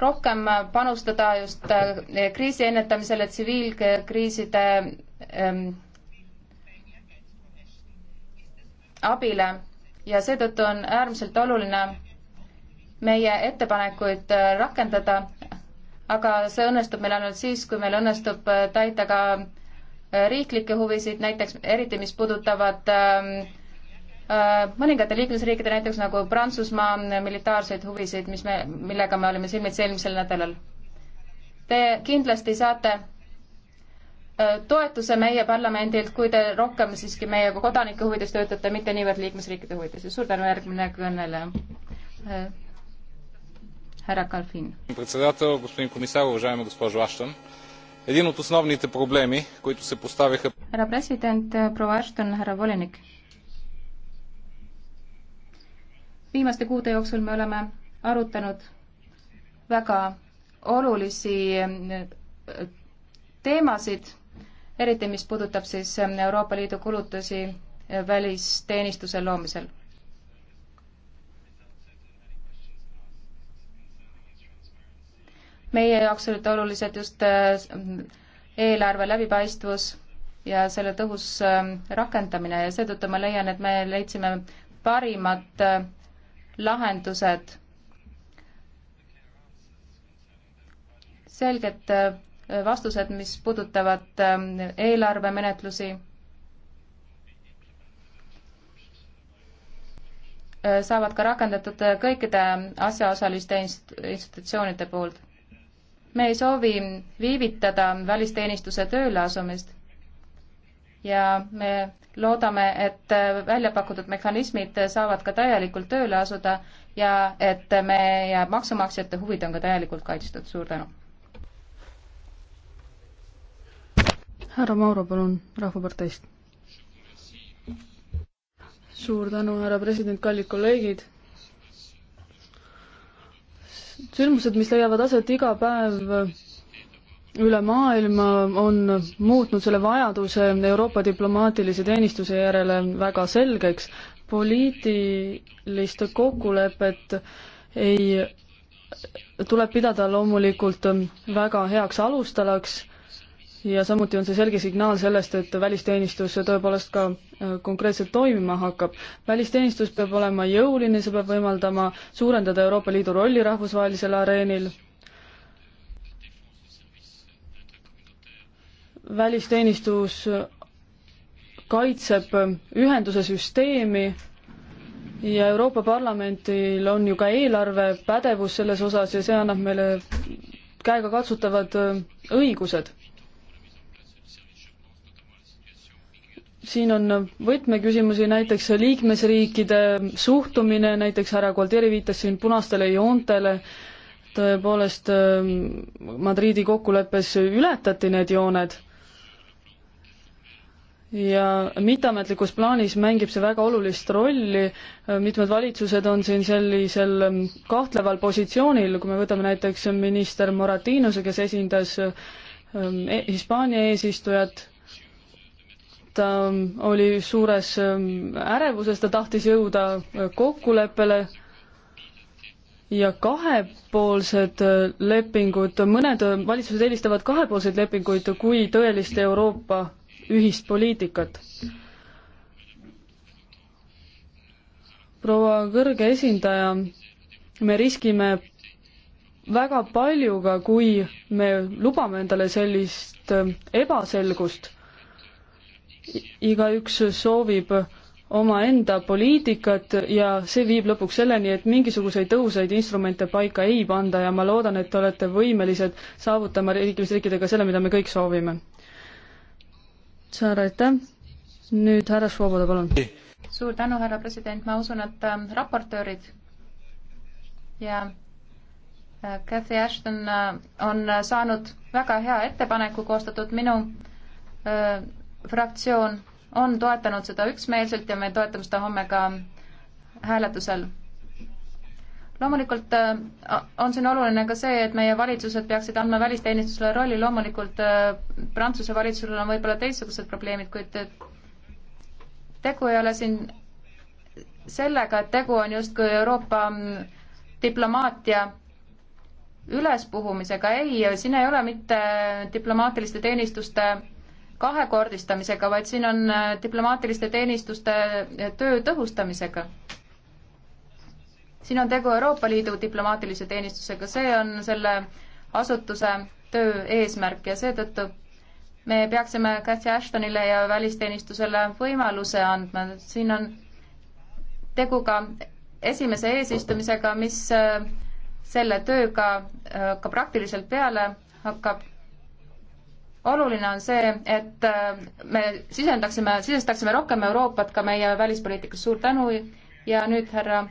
rohkem panustada just äh, kriisi ennetamisele, tsiviilkriiside ähm, abile ja seetõttu on äärmiselt oluline meie ettepanekuid äh, rakendada, aga see õnnestub meil ainult siis, kui meil õnnestub äh, täita ka riiklikke huvisid, näiteks eriti, mis puudutavad äh, Äh, mõningate liikmesriikide, näiteks nagu Prantsusmaa äh, militaarseid huvisid, mis me, millega me olime silmitsi eelmisel nädalal. Te kindlasti saate äh, toetuse meie parlamendilt, kui te rohkem siiski meie kodanike huvides töötate, mitte niivõrd liikmesriikide huvides ja suur tänu, järgmine kõneleja. härra Kalfin. härra president, proua Ashton, härra volinik viimaste kuude jooksul me oleme arutanud väga olulisi äh, teemasid, eriti mis puudutab siis äh, Euroopa Liidu kulutusi äh, välisteenistuse loomisel. meie jaoks olid olulised just eelarve läbipaistvus ja selle tõhus rakendamine ja seetõttu ma leian, et me leidsime parimad lahendused, selged äh, vastused, mis puudutavad ähm, eelarvemenetlusi, äh, saavad ka rakendatud äh, kõikide asjaosaliste institutsioonide poolt. me ei soovi viivitada välisteenistuse tööle asumist, ja me loodame, et välja pakutud mehhanismid saavad ka täielikult tööle asuda ja et meie maksumaksjate huvid on ka täielikult kaitstud, suur tänu. härra Mauro, palun, Rahvaparteist. suur tänu, härra president, kallid kolleegid. sündmused, mis leiavad aset iga päev üle maailma on muutnud selle vajaduse Euroopa diplomaatilise teenistuse järele väga selgeks. poliitilist kokkulepet ei, tuleb pidada loomulikult väga heaks alustalaks ja samuti on see selge signaal sellest, et välisteenistus tõepoolest ka äh, konkreetselt toimima hakkab. välisteenistus peab olema jõuline, see peab võimaldama suurendada Euroopa Liidu rolli rahvusvahelisel areenil välisteenistus kaitseb ühenduse süsteemi ja Euroopa Parlamentil on ju ka eelarvepädevus selles osas ja see annab meile käegakatsutavad õigused. siin on võtmeküsimusi näiteks liikmesriikide suhtumine, näiteks härra Gualtieri viitas siin punastele joontele, tõepoolest Madriidi kokkuleppes ületati need jooned ja mitteametlikus plaanis mängib see väga olulist rolli, mitmed valitsused on siin sellisel mm, kahtleval positsioonil, kui me võtame näiteks minister Moratinose, kes esindas mm, e, Hispaania eesistujat, ta mm, oli suures ärevuses, ta tahtis jõuda kokkuleppele ja kahepoolsed lepingud, mõned valitsused eelistavad kahepoolseid lepinguid kui tõelist Euroopa ühist poliitikat. proua kõrge esindaja, me riskime väga paljuga, kui me lubame endale sellist äh, ebaselgust. igaüks soovib omaenda poliitikat ja see viib lõpuks selleni, et mingisuguseid tõhusaid instrumente paika ei panda ja ma loodan, et te olete võimelised saavutama liikmesriikidega selle, mida me kõik soovime suur aitäh. nüüd härra Švoboda, palun. suur tänu, härra president, ma usun, et äh, raportöörid ja äh, Cathy Ashton äh, on äh, saanud väga hea ettepaneku koostatud, minu äh, fraktsioon on toetanud seda üksmeelselt ja me toetame seda homme ka hääletusel loomulikult äh, on siin oluline ka see, et meie valitsused peaksid andma välisteenistusele rolli, loomulikult äh, Prantsuse valitsusel on võib-olla teistsugused probleemid, kuid äh, tegu ei ole siin sellega, et tegu on justkui Euroopa mm, diplomaatia ülespuhumisega, ei, siin ei ole mitte diplomaatiliste teenistuste kahekordistamisega, vaid siin on diplomaatiliste teenistuste töö tõhustamisega siin on tegu Euroopa Liidu diplomaatilise teenistusega, see on selle asutuse töö eesmärk ja seetõttu me peaksime Cathy Ashtonile ja välisteenistusele võimaluse andma, siin on tegu ka esimese eesistumisega, mis äh, selle tööga äh, ka praktiliselt peale hakkab. oluline on see, et äh, me sisendaksime, sisestaksime rohkem Euroopat ka meie välispoliitikas, suur tänu ja nüüd härra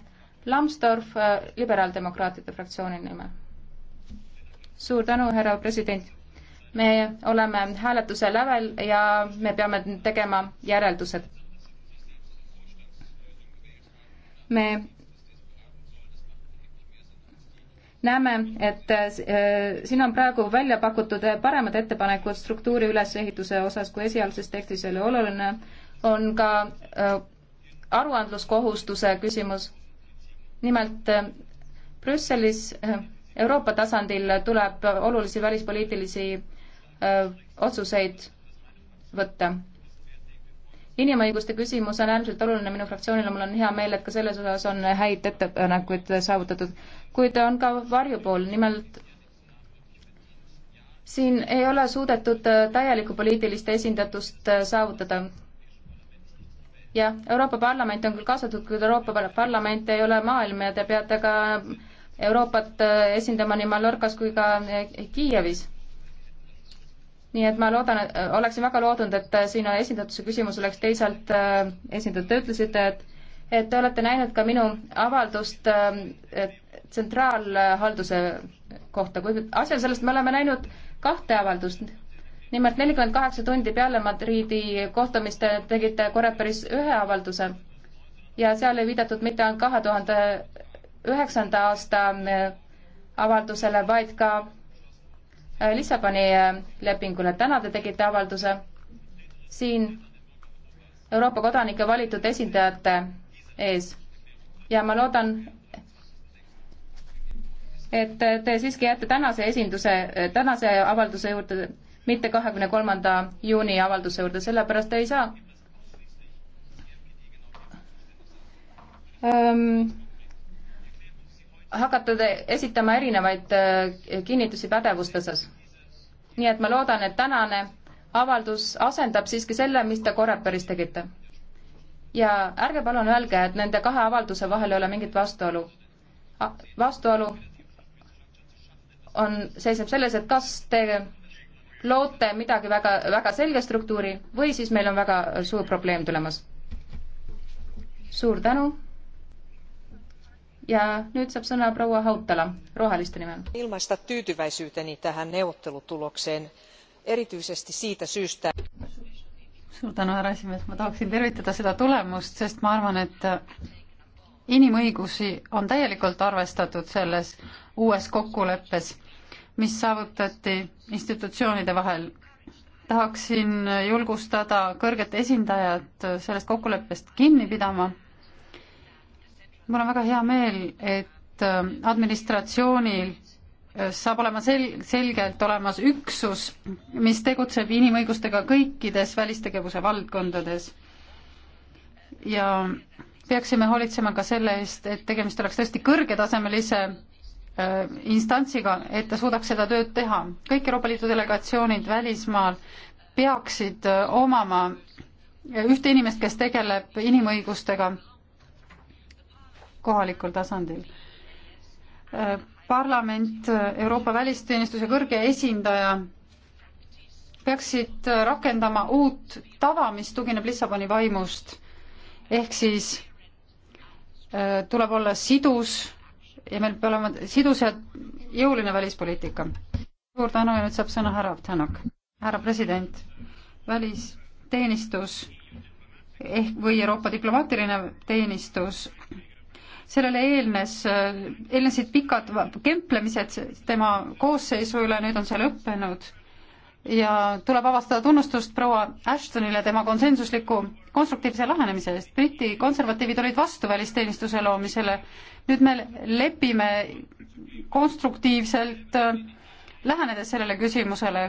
Lambsdorff äh, liberaaldemokraatide fraktsiooni nimel. suur tänu, härra president. me oleme hääletuse lävel ja me peame tegema järeldused. me näeme, et äh, siin on praegu välja pakutud paremad ettepanekud struktuuri ülesehituse osas, kui esialgses tekstis oli oluline, on ka äh, aruandluskohustuse küsimus nimelt äh, Brüsselis äh, Euroopa tasandil tuleb olulisi välispoliitilisi öö, äh, otsuseid võtta. inimõiguste küsimus on äärmiselt oluline minu fraktsioonile, mul on hea meel, et ka selles osas on häid ettepanekuid saavutatud, kuid on ka varjupool, nimelt siin ei ole suudetud täielikku poliitilist esindatust saavutada jah, Euroopa Parlament on küll kaasatud, kuid Euroopa Parlament ei ole maailm ja te peate ka Euroopat äh, esindama nii Mallorcas kui ka äh, Kiievis. nii et ma loodan, äh, oleksin väga loodanud, et siin esindatuse küsimus oleks teisalt esindatud, te ütlesite, et et te olete näinud ka minu avaldust tsentraalhalduse kohta, kuid asja sellest me oleme näinud kahte avaldust nimelt nelikümmend kaheksa tundi peale Madridi kohtumist tegite Koreperis ühe avalduse ja seal ei viidatud mitte ainult kahe tuhande üheksanda aasta eh, avaldusele, vaid ka eh, Lissaboni eh, lepingule. täna te tegite avalduse siin Euroopa kodanike valitud esindajate ees ja ma loodan, et te siiski jääte tänase esinduse, tänase avalduse juurde mitte kahekümne kolmanda juuni avalduse juurde, sellepärast ei saa ähm, hakata esitama erinevaid äh, kinnitusi pädevuste osas. nii et ma loodan, et tänane avaldus asendab siiski selle, mis te Koreperis tegite. ja ärge palun öelge, et nende kahe avalduse vahel ei ole mingit vastuolu. vastuolu on, seisneb selles, et kas te loote midagi väga, väga selge struktuuri või siis meil on väga suur probleem tulemas. suur tänu. ja nüüd saab sõna proua Hautala Roheliste nimel. ilmaista tyytyväisyyteni tähän neuvottelutulokseen erityisesti siitä syystä. suur tänu, härra esimees, ma tahaksin tervitada seda tulemust, sest ma arvan, et inimõigusi on täielikult arvestatud selles uues kokkuleppes mis saavutati institutsioonide vahel. tahaksin julgustada kõrget esindajat sellest kokkuleppest kinni pidama. mul on väga hea meel, et administratsioonil saab olema sel-, selgelt olemas üksus, mis tegutseb inimõigustega kõikides välistegevuse valdkondades. ja peaksime hoolitsema ka selle eest, et tegemist oleks tõesti kõrgetasemelise Äh, instantsiga, et ta suudaks seda tööd teha. kõik Euroopa Liidu delegatsioonid välismaal peaksid äh, omama ühte inimest, kes tegeleb inimõigustega kohalikul tasandil. Äh, parlament, Euroopa Välisteenistuse kõrge esindaja peaksid rakendama uut tava, mis tugineb Lissaboni vaimust. ehk siis tuleb olla sidus ja meil peab olema sidus ja jõuline välispoliitika. suur tänu ja nüüd saab sõna härra Tänak. härra president, välisteenistus ehk või Euroopa diplomaatiline teenistus, sellele eelnes, eelnesid pikad kemplemised tema koosseisu üle, nüüd on see lõppenud ja tuleb avastada tunnustust proua Ashtonile tema konsensusliku konstruktiivse lähenemise eest. Briti konservatiivid olid vastu välisteenistuse loomisele nüüd me lepime konstruktiivselt äh, lähenedes sellele küsimusele.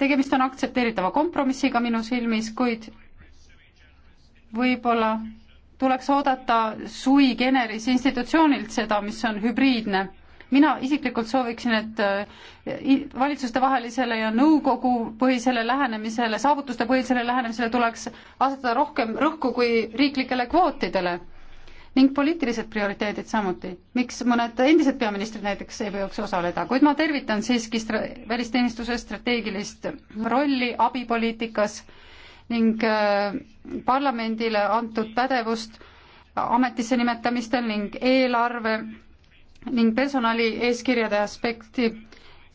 tegemist on aktsepteeritava kompromissiga minu silmis, kuid võib-olla tuleks oodata sui generis institutsioonilt seda, mis on hübriidne. mina isiklikult sooviksin, et äh, valitsustevahelisele ja nõukogu põhisele lähenemisele, saavutustepõhisele lähenemisele tuleks asetada rohkem rõhku kui riiklikele kvootidele ning poliitilised prioriteedid samuti. miks mõned endised peaministrid näiteks ei võiks osaleda, kuid ma tervitan siiski stra-, välisteenistuse strateegilist rolli abipoliitikas ning äh, parlamendile antud pädevust ametisse nimetamistel ning eelarve ning personali eeskirjade aspekti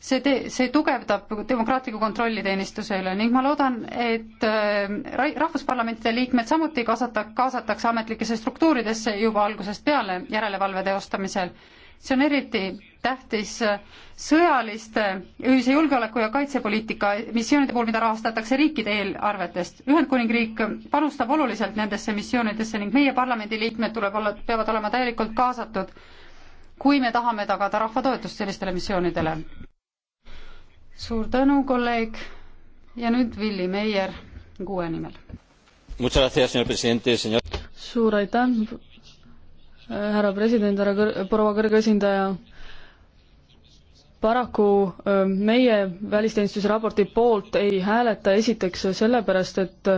see te-, see tugevdab demokraatliku kontrolliteenistuse üle ning ma loodan, et äh, rahvusparlamentide liikmed samuti kaasata, kaasatakse ametlikesse struktuuridesse juba algusest peale järelevalve teostamisel. see on eriti tähtis äh, sõjaliste ühise julgeoleku ja kaitsepoliitika missioonide puhul, mida rahastatakse riikide eelarvetest. Ühendkuningriik panustab oluliselt nendesse missioonidesse ning meie parlamendiliikmed tuleb olla, peavad olema täielikult kaasatud, kui me tahame tagada rahva toetust sellistele missioonidele suur tänu, kolleeg. ja nüüd Willie Meier kuue nimel. suur aitäh, härra president, härra kõr-, proua kõrge esindaja paraku meie välisteenistuse raporti poolt ei hääleta esiteks sellepärast, et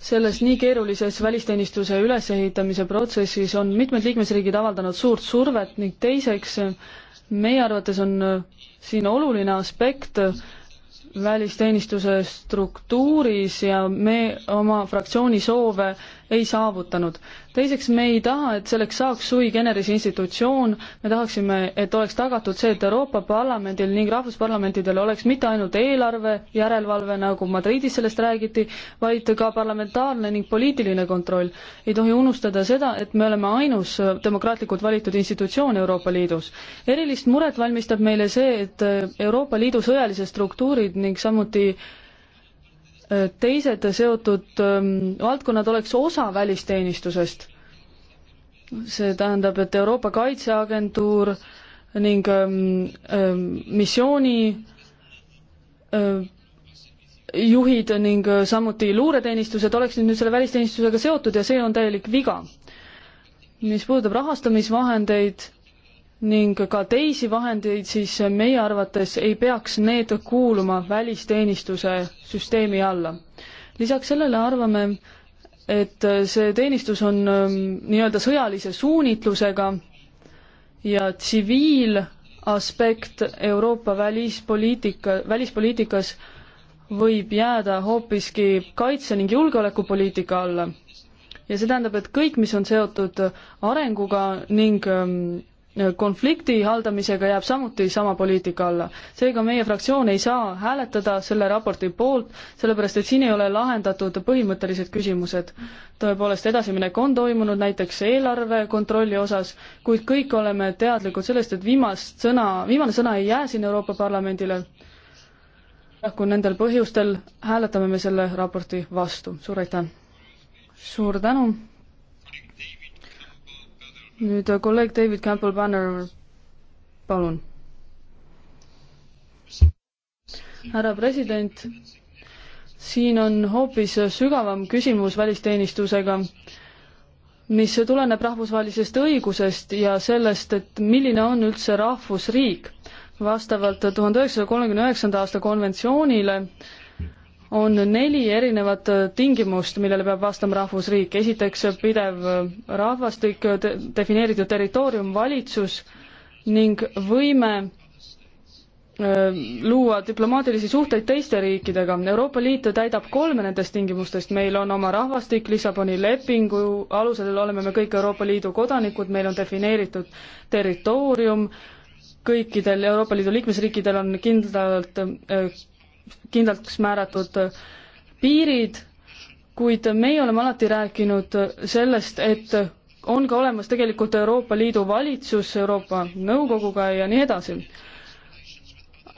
selles nii keerulises välisteenistuse ülesehitamise protsessis on mitmed liikmesriigid avaldanud suurt survet ning teiseks, meie arvates on siin oluline aspekt välisteenistuse struktuuris ja me oma fraktsiooni soove äh, ei saavutanud. teiseks, me ei taha, et selleks saaks sui generis institutsioon, me tahaksime, et oleks tagatud see, et Euroopa Parlamendil ning rahvusparlamentidel oleks mitte ainult eelarve järelevalve, nagu Madridis sellest räägiti, vaid ka parlamentaarne ning poliitiline kontroll. ei tohi unustada seda, et me oleme ainus demokraatlikult valitud institutsioon Euroopa Liidus. erilist muret valmistab meile see, et Euroopa Liidu sõjalised struktuurid ning samuti teised seotud ähm, valdkonnad oleks osa välisteenistusest. see tähendab, et Euroopa Kaitseagentuur ning ähm, ähm, missiooni äh, juhid ning äh, samuti luureteenistused oleksid nüüd selle välisteenistusega seotud ja see on täielik viga. mis puudutab rahastamisvahendeid, ning ka teisi vahendeid, siis meie arvates ei peaks need kuuluma välisteenistuse süsteemi alla. lisaks sellele arvame, et see teenistus on ähm, nii-öelda sõjalise suunitlusega ja tsiviilaspekt Euroopa välispoliitika, välispoliitikas võib jääda hoopiski kaitse- ning julgeolekupoliitika alla. ja see tähendab, et kõik, mis on seotud arenguga ning ähm, konflikti haldamisega jääb samuti sama poliitika alla. seega meie fraktsioon ei saa hääletada selle raporti poolt, sellepärast et siin ei ole lahendatud põhimõttelised küsimused. tõepoolest, edasiminek on toimunud näiteks eelarve kontrolli osas, kuid kõik oleme teadlikud sellest, et viimast sõna, viimane sõna ei jää siin Euroopa Parlamendile. kui nendel põhjustel hääletame me selle raporti vastu. suur aitäh! suur tänu! nüüd äh, kolleeg David Campbell-Banner, palun. härra president, siin on hoopis sügavam küsimus välisteenistusega, mis tuleneb rahvusvahelisest õigusest ja sellest, et milline on üldse rahvusriik. vastavalt tuhande üheksasaja kolmekümne üheksanda aasta konventsioonile on neli erinevat tingimust, millele peab vastama rahvusriik. esiteks pidev rahvastik, defineeritud territoorium, valitsus ning võime luua diplomaatilisi suhteid teiste riikidega. Euroopa Liit täidab kolme nendest tingimustest, meil on oma rahvastik, Lissaboni lepingu alusel oleme me kõik Euroopa Liidu kodanikud, meil on defineeritud territoorium, kõikidel Euroopa Liidu liikmesriikidel on kindlalt kindlaks määratud piirid, kuid meie oleme alati rääkinud sellest, et on ka olemas tegelikult Euroopa Liidu valitsus Euroopa Nõukoguga ja nii edasi.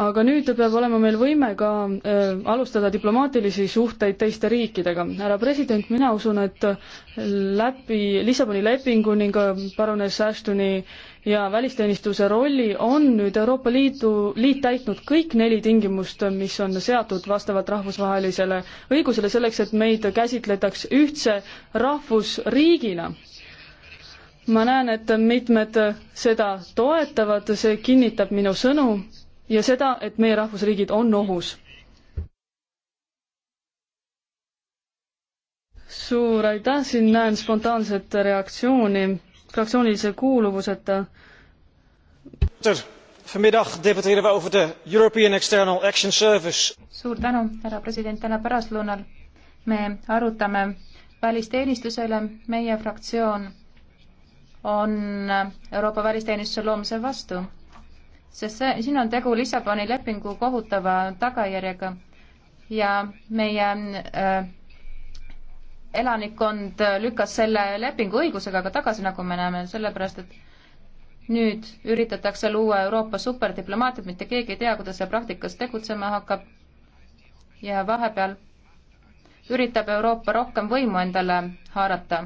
aga nüüd peab olema meil võime ka äh, alustada diplomaatilisi suhteid teiste riikidega. härra president, mina usun, et läbi Lissaboni lepingu ning äh, parunes Ashtoni äh, ja välisteenistuse rolli on nüüd Euroopa Liidu, liit täitnud kõik neli tingimust, mis on seatud vastavalt rahvusvahelisele õigusele, selleks et meid käsitletaks ühtse rahvusriigina. ma näen, et mitmed seda toetavad, see kinnitab minu sõnu ja seda, et meie rahvusriigid on ohus suur aitäh, siin näen spontaanset reaktsiooni fraktsioonilise kuuluvuseta. Vanmiddag debateerime over de European External Action Service. suur tänu, härra president, täna pärastlõunal me arutame välisteenistuse üle, meie fraktsioon on Euroopa välisteenistuse loomise vastu, sest see, siin on tegu Lissaboni lepingu kohutava tagajärjega ja meie äh, elanikkond lükkas selle lepingu õigusega ka tagasi, nagu me näeme, sellepärast et nüüd üritatakse luua Euroopa superdiplomaatiat, mitte keegi ei tea, kuidas see praktikas tegutsema hakkab. ja vahepeal üritab Euroopa rohkem võimu endale haarata.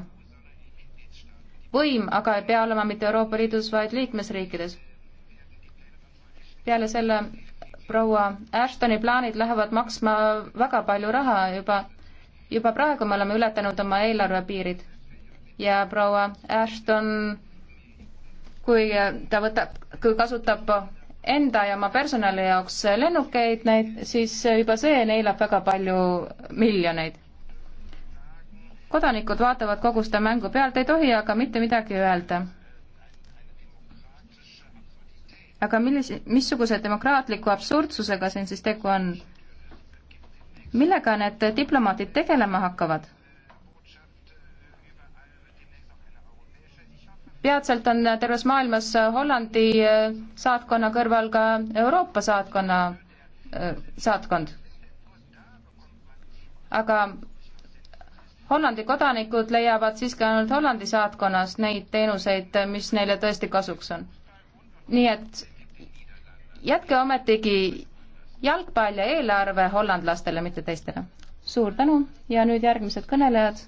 võim aga ei pea olema mitte Euroopa Liidus, vaid liikmesriikides. peale selle proua Ashtoni plaanid lähevad maksma väga palju raha juba juba praegu me oleme ületanud oma eelarvepiirid ja proua Ashton, kui ta võtab, kui kasutab enda ja oma personali jaoks lennukeid neid, siis juba see neelab väga palju miljoneid. kodanikud vaatavad kogu seda mängu pealt, ei tohi aga mitte midagi öelda. aga millise, missuguse demokraatliku absurdsusega siin siis tegu on? millega need diplomaadid tegelema hakkavad? peatselt on terves maailmas Hollandi äh, saatkonna kõrval ka Euroopa saatkonna, äh, saatkond. aga Hollandi kodanikud leiavad siiski ainult Hollandi saatkonnas neid teenuseid, mis neile tõesti kasuks on. nii et jätke ometigi jalgpall ja eelarve hollandlastele, mitte teistele. suur tänu ja nüüd järgmised kõnelejad.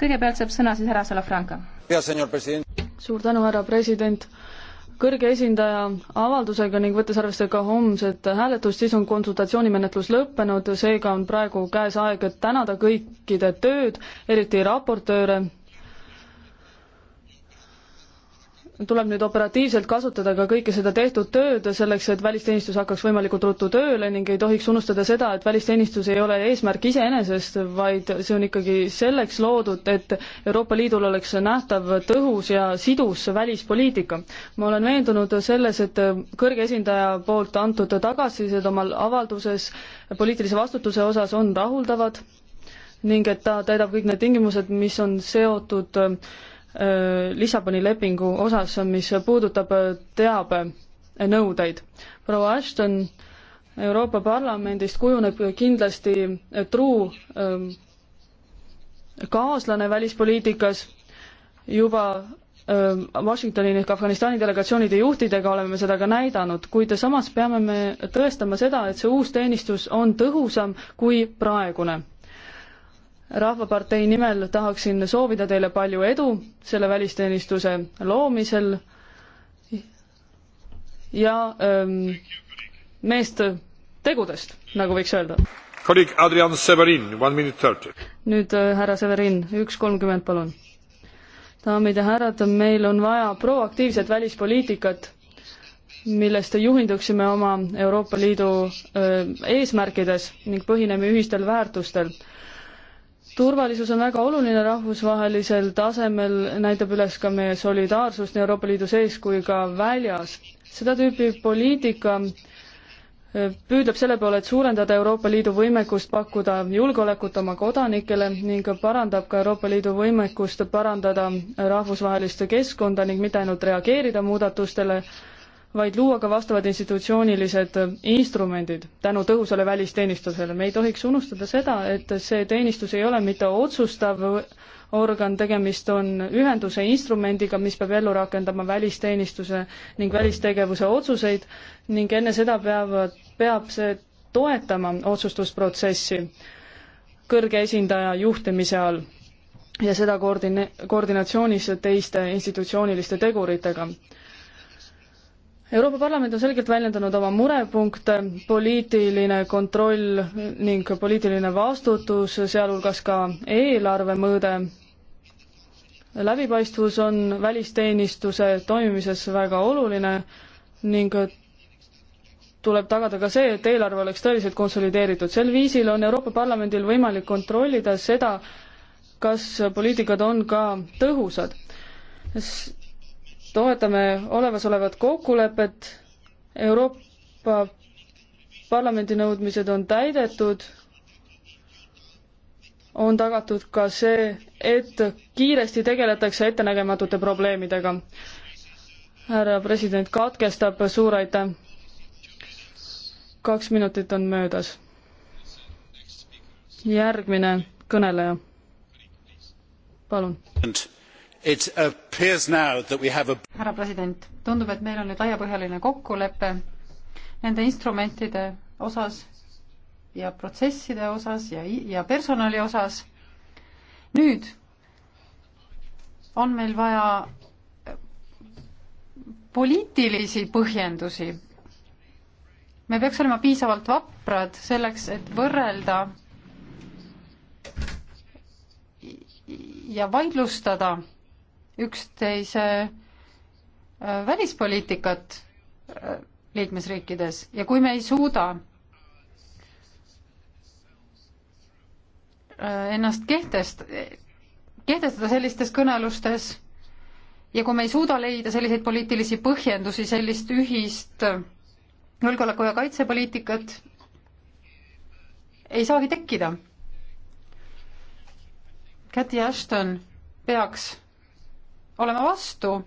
kõigepealt saab sõna siis härra Salafranca. suur tänu, härra president kõrge esindaja avaldusega ning võttes arvesse ka homset hääletust, siis on konsultatsioonimenetlus lõppenud, seega on praegu käes aeg tänada kõikide tööd, eriti raportööre tuleb nüüd operatiivselt kasutada ka kõike seda tehtud tööd selleks, et välisteenistus hakkaks võimalikult ruttu tööle ning ei tohiks unustada seda, et välisteenistus ei ole eesmärk iseenesest, vaid see on ikkagi selleks loodud, et Euroopa Liidul oleks nähtav, tõhus ja sidus välispoliitika. ma olen veendunud selles, et kõrge esindaja poolt antud tagasisided oma avalduses poliitilise vastutuse osas on rahuldavad ning et ta täidab kõik need tingimused, mis on seotud Äh, Lissaboni lepingu osas, mis puudutab äh, teabenõudeid. proua Ashton, Euroopa Parlamendist kujuneb kindlasti äh, truu ähm, kaaslane välispoliitikas juba ähm, Washingtoni ehk Afganistani delegatsioonide juhtidega oleme seda ka näidanud, kuid samas peame me tõestama seda, et see uus teenistus on tõhusam kui praegune rahvapartei nimel tahaksin soovida teile palju edu selle välisteenistuse loomisel ja ähm, meest tegudest, nagu võiks öelda. kolleeg Adrian Severin, one minute thirty. nüüd äh, härra Severin, üks kolmkümmend, palun. daamid ja härrad, meil on vaja proaktiivset välispoliitikat, millest juhinduksime oma Euroopa Liidu öö, äh, eesmärkides ning põhineme ühistel väärtustel turvalisus on väga oluline rahvusvahelisel tasemel, näitab üles ka meie solidaarsust nii Euroopa Liidu sees kui ka väljas. seda tüüpi poliitika eh, püüdleb selle poole, et suurendada Euroopa Liidu võimekust pakkuda julgeolekut oma kodanikele ning parandab ka Euroopa Liidu võimekust parandada rahvusvahelist keskkonda ning mitte ainult reageerida muudatustele, vaid luua ka vastavad institutsioonilised äh, instrumendid tänu tõhusale välisteenistusele. me ei tohiks unustada seda, et see teenistus ei ole mitte otsustav organ, tegemist on ühenduse instrumendiga, mis peab ellu rakendama välisteenistuse ning välistegevuse otsuseid ning enne seda peavad, peab see toetama otsustusprotsessi kõrge esindaja juhtimise all ja seda koordine-, koordinatsioonis teiste institutsiooniliste teguritega Euroopa Parlament on selgelt väljendanud oma murepunkte, poliitiline kontroll ning poliitiline vastutus, sealhulgas ka eelarve mõõde. läbipaistvus on välisteenistuse toimimises väga oluline ning tuleb tagada ka see, et eelarve oleks tõeliselt konsolideeritud. sel viisil on Euroopa Parlamendil võimalik kontrollida seda, kas poliitikad on ka tõhusad toetame olemasolevat kokkulepet, Euroopa Parlamendi nõudmised on täidetud, on tagatud ka see, et kiiresti tegeletakse ettenägematute probleemidega. härra president katkestab, suur aitäh! kaks minutit on möödas. järgmine kõneleja, palun härra president, tundub, et meil on nüüd laiapõhjaline kokkulepe nende instrumentide osas ja protsesside osas ja, ja personali osas. nüüd on meil vaja poliitilisi põhjendusi. me peaks olema piisavalt vaprad selleks, et võrrelda ja vaidlustada üksteise äh, välispoliitikat äh, liikmesriikides ja kui me ei suuda äh, ennast kehtest-, kehtestada sellistes kõnelustes ja kui me ei suuda leida selliseid poliitilisi põhjendusi, sellist ühist julgeoleku- ja kaitsepoliitikat, ei saagi tekkida. Käti Ashton peaks olema vastu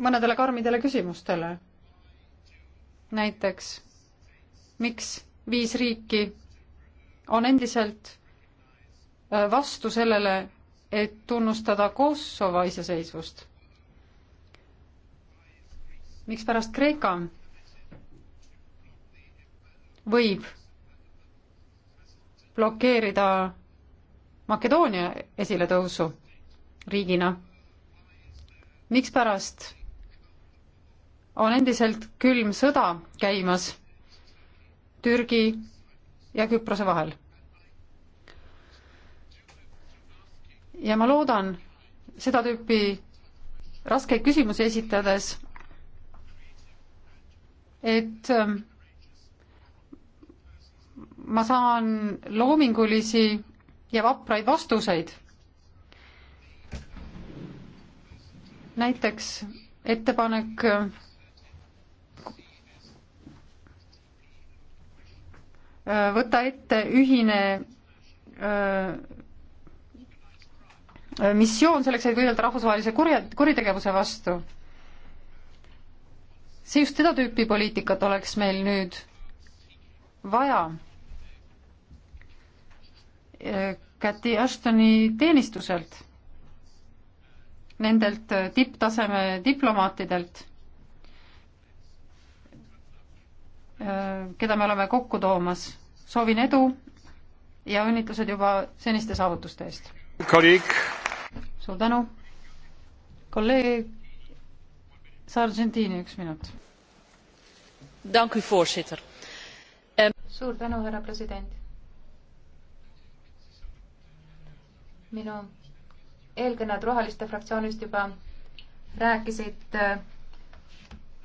mõnedele karmidele küsimustele. näiteks, miks viis riiki on endiselt äh, vastu sellele, et tunnustada Kosovo iseseisvust? mikspärast Kreeka võib blokeerida Makedoonia esiletõusu riigina. mikspärast on endiselt külm sõda käimas Türgi ja Küprose vahel? ja ma loodan seda tüüpi raskeid küsimusi esitades, et ähm, ma saan loomingulisi ja vapraid vastuseid. näiteks ettepanek äh, võtta ette ühine äh, äh, missioon selleks, et võidelda rahvusvahelise kurja, kuritegevuse vastu. see just seda tüüpi poliitikat oleks meil nüüd vaja Käti Ashtoni teenistuselt, nendelt tipptaseme diplomaatidelt, keda me oleme kokku toomas. soovin edu ja õnnitlused juba seniste saavutuste eest. suur tänu. kolleeg Sargentini, üks minut. suur tänu, härra president minu eelkõned Roheliste fraktsioonist juba rääkisid äh,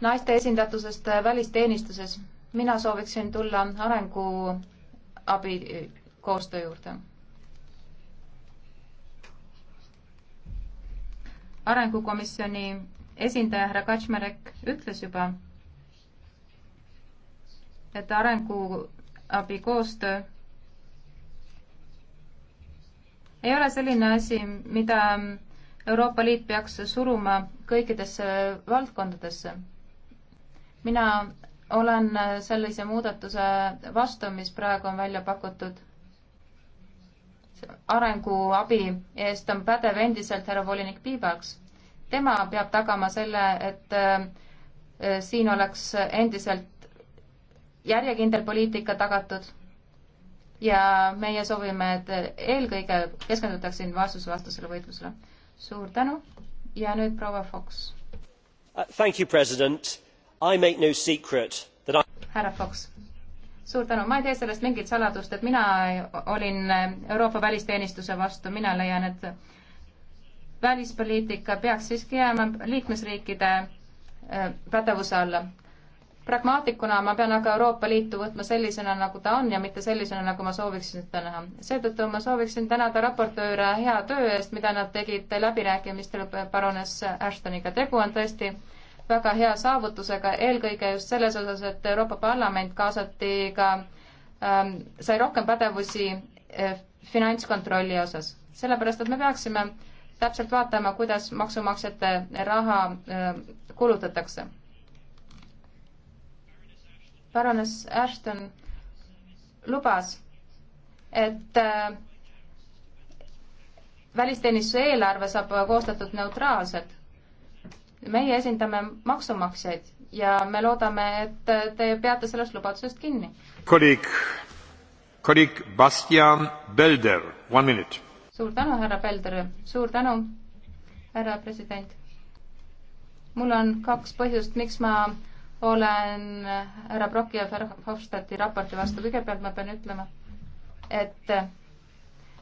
naiste esindatusest äh, välisteenistuses. mina sooviksin tulla arenguabi äh, koostöö juurde. arengukomisjoni esindaja härra Kaczmarek ütles juba, et arenguabi koostöö ei ole selline asi, mida Euroopa Liit peaks suruma kõikidesse valdkondadesse. mina olen sellise muudatuse vastu, mis praegu on välja pakutud. arenguabi eest on pädev endiselt härra volinik Piibaks. tema peab tagama selle, et äh, siin oleks endiselt järjekindel poliitika tagatud ja meie soovime, et eelkõige keskendutakse invaasusvastasele võitlusele. suur tänu ja nüüd proua Fox uh,. Thank you, president. I make no secret that I härra Fox, suur tänu, ma ei tee sellest mingit saladust, et mina olin Euroopa välisteenistuse vastu, mina leian, et välispoliitika peaks siiski jääma liikmesriikide äh, pädevuse alla pragmaatikuna ma pean aga Euroopa Liitu võtma sellisena, nagu ta on ja mitte sellisena, nagu ma sooviksin seda näha. seetõttu ma sooviksin tänada raportööre hea töö eest, mida nad tegid läbirääkimistel paroness Ashtoniga. tegu on tõesti väga hea saavutusega, eelkõige just selles osas, et Euroopa Parlament kaasati ka ähm,, sai rohkem pädevusi äh, finantskontrolli osas. sellepärast, et me peaksime täpselt vaatama, kuidas maksumaksjate raha äh, kulutatakse baroness Ashton lubas, et äh, välisteenistuse eelarve saab koostatud neutraalselt. meie esindame maksumaksjaid ja me loodame, et te peate sellest lubadusest kinni. kolleeg, kolleeg Bastian Belder, one minute. suur tänu, härra Belder, suur tänu, härra president. mul on kaks põhjust, miks ma olen äh, härra Brocki ja Verhofstadti raporti vastu, kõigepealt ma pean ütlema, et äh,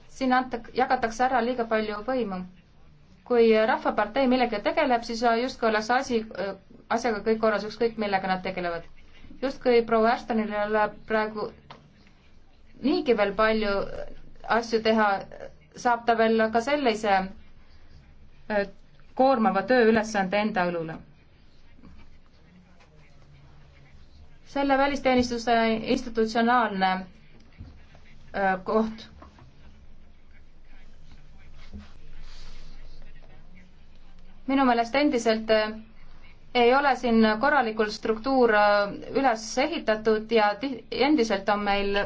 siin anta-, jagatakse ära liiga palju võimu. kui Rahvapartei millega tegeleb, siis äh, justkui oleks asi, asjaga kõik korras, ükskõik millega nad tegelevad. justkui proua Ashtonil ei ole praegu niigi veel palju asju teha, saab ta veel ka sellise koormava tööülesande enda õlule selle välisteenistuse institutsionaalne koht. minu meelest endiselt ei ole siin korralikul struktuur üles ehitatud ja endiselt on meil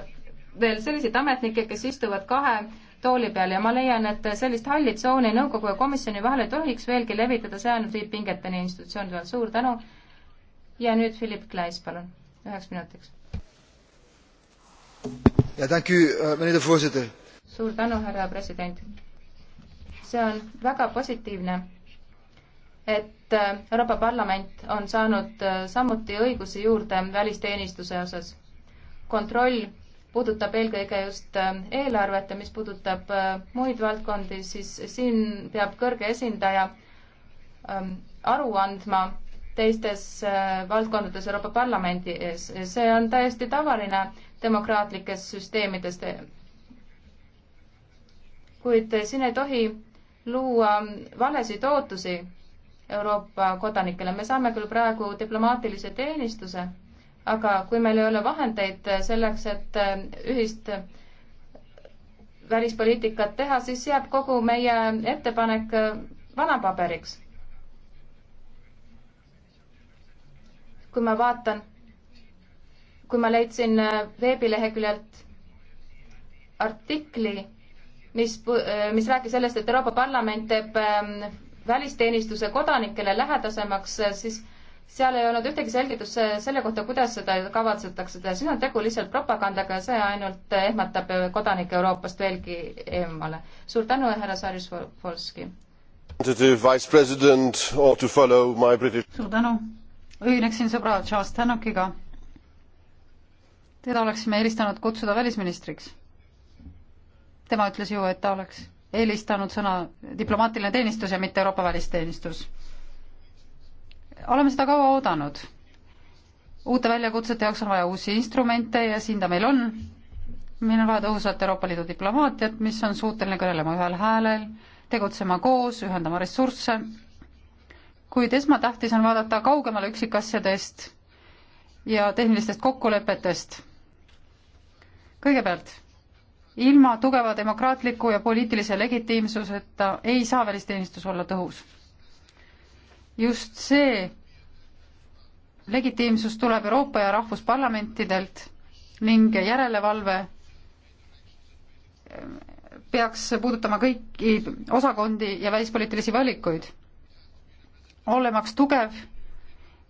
veel selliseid ametnikke, kes istuvad kahe tooli peal ja ma leian, et sellist halli tsooni nõukogu ja komisjoni vahel ei tohiks veelgi levitada, see ainult viib pingeteni institutsioonide vahel. suur tänu. ja nüüd Philip Klaas, palun üheks minutiks. Uh, suur tänu, härra president. see on väga positiivne, et uh, Euroopa Parlament on saanud uh, samuti õigusi juurde välisteenistuse osas. kontroll puudutab eelkõige just eelarvet ja mis puudutab muid valdkondi, siis siin peab kõrge esindaja um, aru andma teistes äh, valdkondades Euroopa Parlamendi ees. see on täiesti tavaline demokraatlikes süsteemides. kuid siin ei tohi luua valesid ootusi Euroopa kodanikele. me saame küll praegu diplomaatilise teenistuse, aga kui meil ei ole vahendeid selleks, et äh, ühist välispoliitikat teha, siis jääb kogu meie ettepanek äh, vanapaberiks kui ma vaatan, kui ma leidsin äh, veebileheküljelt artikli, mis, äh, mis rääkis sellest, et Euroopa Parlament teeb ähm, välisteenistuse kodanikele lähedasemaks, äh, siis seal ei olnud ühtegi selgitust selle kohta, kuidas seda kavatsetakse teha, siin on tegu lihtsalt propagandaga ja see ainult ehmatab kodanikke Euroopast veelgi eemale. suur tänu, härra Sarjus-Volski. suur tänu ühineksin sõbra Charles Tannockiga. teda oleksime eelistanud kutsuda välisministriks. tema ütles ju, et ta oleks eelistanud sõna diplomaatiline teenistus ja mitte Euroopa välisteenistus. oleme seda kaua oodanud. uute väljakutsete jaoks on vaja uusi instrumente ja siin ta meil on. meil on vaja tõhusat Euroopa Liidu diplomaatiat, mis on suuteline kõnelema ühel häälel, tegutsema koos, ühendama ressursse kuid esmatähtis on vaadata kaugemale üksikasjadest ja tehnilistest kokkulepetest. kõigepealt, ilma tugeva demokraatliku ja poliitilise legitiimsuseta ei saa välisteenistus olla tõhus. just see legitiimsus tuleb Euroopa ja rahvusparlamentidelt ning järelevalve peaks puudutama kõiki osakondi ja välispoliitilisi valikuid olemaks tugev,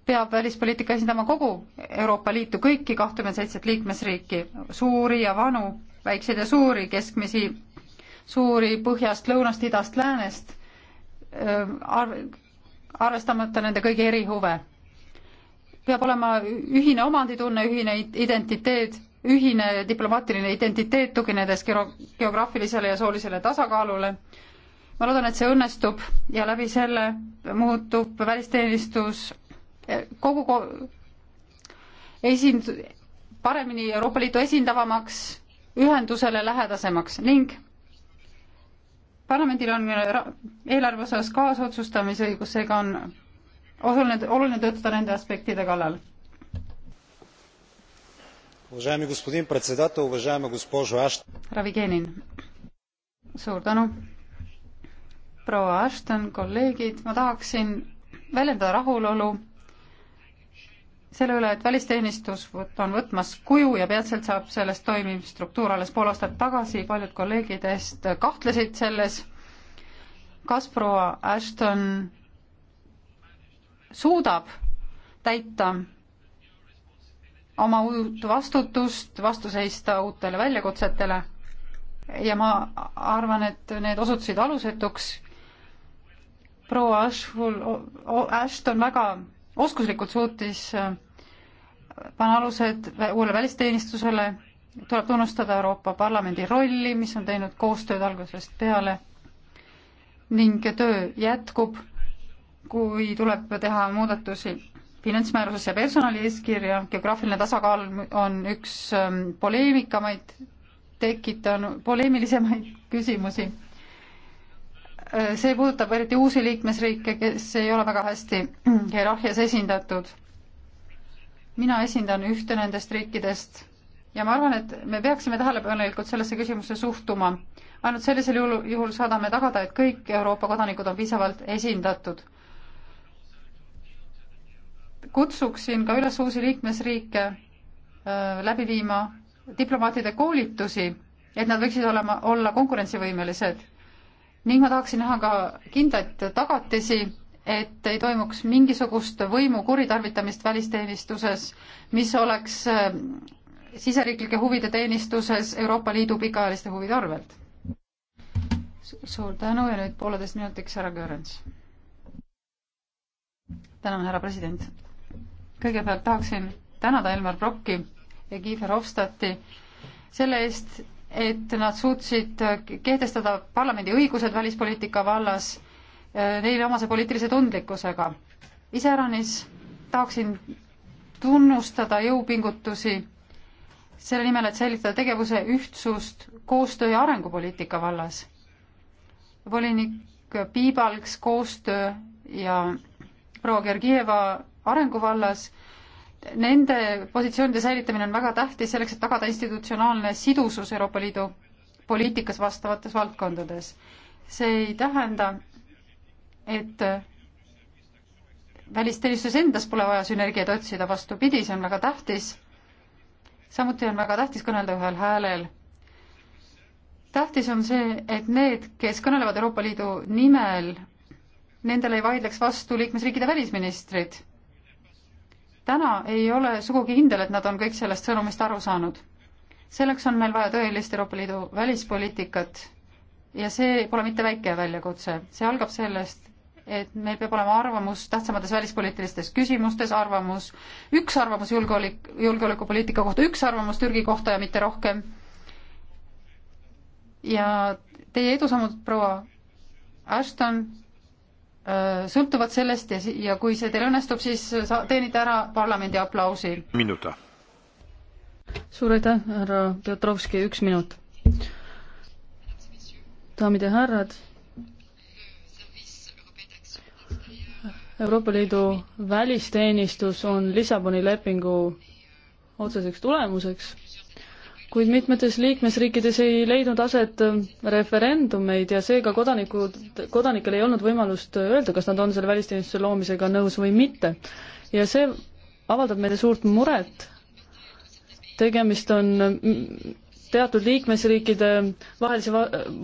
peab välispoliitika esindama kogu Euroopa Liitu, kõiki kahtekümmet seitset liikmesriiki, suuri ja vanu, väikseid ja suuri, keskmisi, suuri põhjast, lõunast, idast, läänest, ähm, arvestamata nende kõigi erihuve. peab olema ühine omanditunne, ühine identiteet, ühine diplomaatiline identiteet, tuginedes geograafilisele ja soolisele tasakaalule ma loodan, et see õnnestub ja läbi selle muutub välisteenistus eh, kogu ko esind-, paremini Euroopa Liitu esindavamaks, ühendusele lähedasemaks ning parlamendil on eelarve osas kaasotsustamisõigus, seega on oluline, oluline töötada nende aspektide kallal. härra Vigenin, suur tänu proua Ashton, kolleegid, ma tahaksin väljendada rahulolu selle üle, et välisteenistus on võtmas kuju ja peatselt saab sellest toimiv struktuur, alles pool aastat tagasi paljud kolleegidest kahtlesid selles, kas proua Ashton suudab täita oma uut vastutust, vastu seista uutele väljakutsetele ja ma arvan, et need osutusid alusetuks proua Ashful, Ashton väga oskuslikult suutis äh, panna alused uuele välisteenistusele, tuleb tunnustada Euroopa Parlamendi rolli, mis on teinud koostööd algusest peale ning töö jätkub, kui tuleb teha muudatusi finantsmääruses ja personalieeskirja, geograafiline tasakaal on üks ähm, poleemikamaid tekitanud, poleemilisemaid küsimusi Äh, see puudutab eriti uusi liikmesriike, kes ei ole väga hästi hierarhias esindatud. mina esindan ühte nendest riikidest ja ma arvan, et me peaksime tähelepanelikult sellesse küsimusse suhtuma. ainult sellisel juhul, juhul saadame tagada, et kõik Euroopa kodanikud on piisavalt esindatud. kutsuksin ka üles uusi liikmesriike äh, läbi viima diplomaatide koolitusi, et nad võiksid olema, olla konkurentsivõimelised ning ma tahaksin näha ka kindlaid tagatisi, et ei toimuks mingisugust võimu kuritarvitamist välisteenistuses, mis oleks äh, siseriiklike huvide teenistuses Euroopa Liidu pikaajaliste huvide arvelt. suur tänu ja nüüd pooleteist minutiks härra Görens. tänan, härra president. kõigepealt tahaksin tänada Elmar Brocki ja Guy Verhofstadti selle eest, et nad suutsid kehtestada parlamendi õigused välispoliitika vallas eh, neile omase poliitilise tundlikkusega. iseäranis tahaksin tunnustada jõupingutusi selle nimel, et säilitada tegevuse ühtsust koostöö ja arengupoliitika vallas. volinik Piibalks koostöö ja proua Gergieva arengu vallas nende positsioonide säilitamine on väga tähtis selleks, et tagada institutsionaalne sidusus Euroopa Liidu poliitikas vastavates valdkondades. see ei tähenda, et välisteenistuses endas pole vaja sünergiat otsida, vastupidi, see on väga tähtis. samuti on väga tähtis kõnelda ühel häälel. tähtis on see, et need, kes kõnelevad Euroopa Liidu nimel, nendele ei vaidleks vastu liikmesriikide välisministrid täna ei ole sugugi kindel, et nad on kõik sellest sõnumist aru saanud. selleks on meil vaja tõelist Euroopa Liidu välispoliitikat ja see pole mitte väike väljakutse, see algab sellest, et meil peab olema arvamus tähtsamates välispoliitilistes küsimustes, arvamus, üks arvamus julgeolek, julgeolekupoliitika kohta, üks arvamus Türgi kohta ja mitte rohkem. ja teie edusammud, proua Ashton, Äh, sõltuvad sellest ja, ja kui see teil õnnestub, siis äh, sa-, teenite ära parlamendi aplausi. minuta. suur aitäh, härra Pjotrovski, üks minut. daamid ja härrad, Euroopa Liidu välisteenistus on Lissaboni lepingu otseseks tulemuseks kuid mitmetes liikmesriikides ei leidnud aset äh, referendumeid ja seega kodanikud, kodanikel ei olnud võimalust öelda, kas nad on selle välisteenistuse loomisega nõus või mitte. ja see avaldab meile suurt muret, tegemist on mm, teatud liikmesriikide vahelise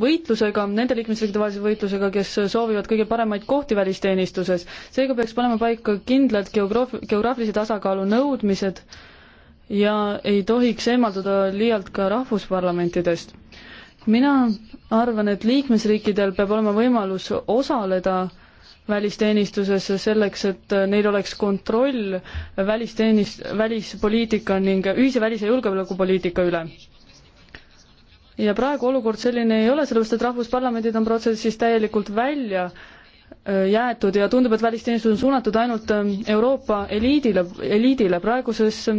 võitlusega, nende liikmesriikide vahelise võitlusega, kes soovivad kõige paremaid kohti välisteenistuses. seega peaks panema paika kindlad geograaf-, geograafilise tasakaalu nõudmised ja ei tohiks eemalduda liialt ka rahvusparlamentidest. mina arvan, et liikmesriikidel peab olema võimalus osaleda välisteenistuses selleks, et neil oleks kontroll välisteenist-, välispoliitika ning ühise välis- ja julgeolekupoliitika üle. ja praegu olukord selline ei ole, sellepärast et rahvusparlamendid on protsessist täielikult välja äh, jäetud ja tundub, et välisteenistus on suunatud ainult äh, Euroopa eliidile, eliidile praeguses äh,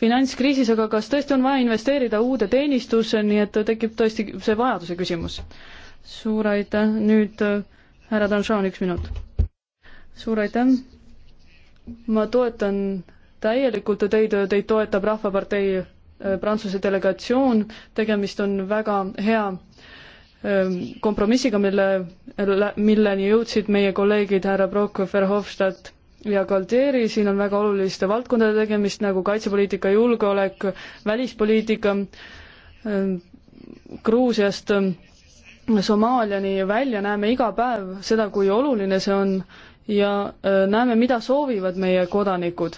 finantskriisis, aga kas tõesti on vaja investeerida uude teenistusse, nii et tekib tõesti see vajaduse küsimus? suur aitäh, nüüd äh, härra Danšan, üks minut. suur aitäh, ma toetan täielikult teid, teid toetab Rahvapartei äh, Prantsuse delegatsioon, tegemist on väga hea ähm, kompromissiga, mille, äh, milleni jõudsid meie kolleegid härra Prokofjev, Verhofstadt ja Galtieri, siin on väga oluliste valdkondade tegemist, nagu kaitsepoliitika, julgeolek, välispoliitika, ähm, Gruusiast ähm, Somaaliani välja näeme iga päev seda, kui oluline see on ja äh, näeme, mida soovivad meie kodanikud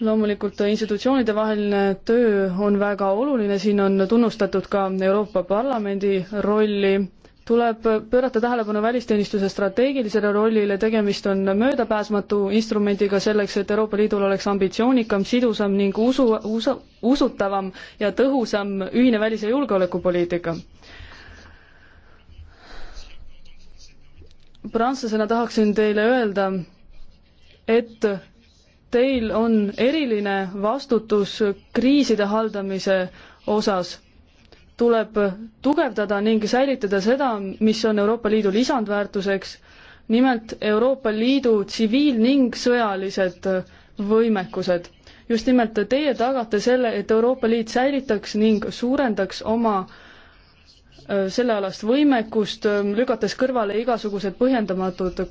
loomulikult institutsioonide vaheline töö on väga oluline, siin on tunnustatud ka Euroopa Parlamendi rolli tuleb pöörata tähelepanu välisteenistuse strateegilisele rollile, tegemist on möödapääsmatu instrumendiga selleks, et Euroopa Liidul oleks ambitsioonikam, sidusam ning usu, usu, usutavam ja tõhusam ühine välis- ja julgeolekupoliitika. prantslasena tahaksin teile öelda, et teil on eriline vastutus kriiside haldamise osas tuleb tugevdada ning säilitada seda, mis on Euroopa Liidu lisandväärtuseks, nimelt Euroopa Liidu tsiviil- ning sõjalised võimekused. just nimelt teie tagate selle, et Euroopa Liit säilitaks ning suurendaks oma sellealast võimekust, lükates kõrvale igasugused põhjendamatud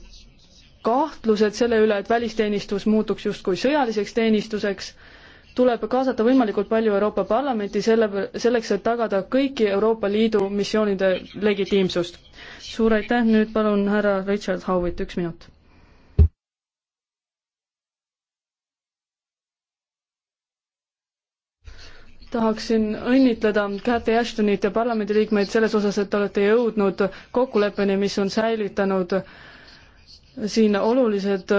kahtlused selle üle, et välisteenistus muutuks justkui sõjaliseks teenistuseks tuleb kaasata võimalikult palju Euroopa Parlamenti selle, selleks, et tagada kõiki Euroopa Liidu missioonide legitiimsust. suur aitäh, nüüd palun härra Richard Howitt, üks minut. tahaksin õnnitleda Cathy Ashtonit ja parlamendiliikmeid selles osas, et te olete jõudnud kokkuleppeni, mis on säilitanud siin olulised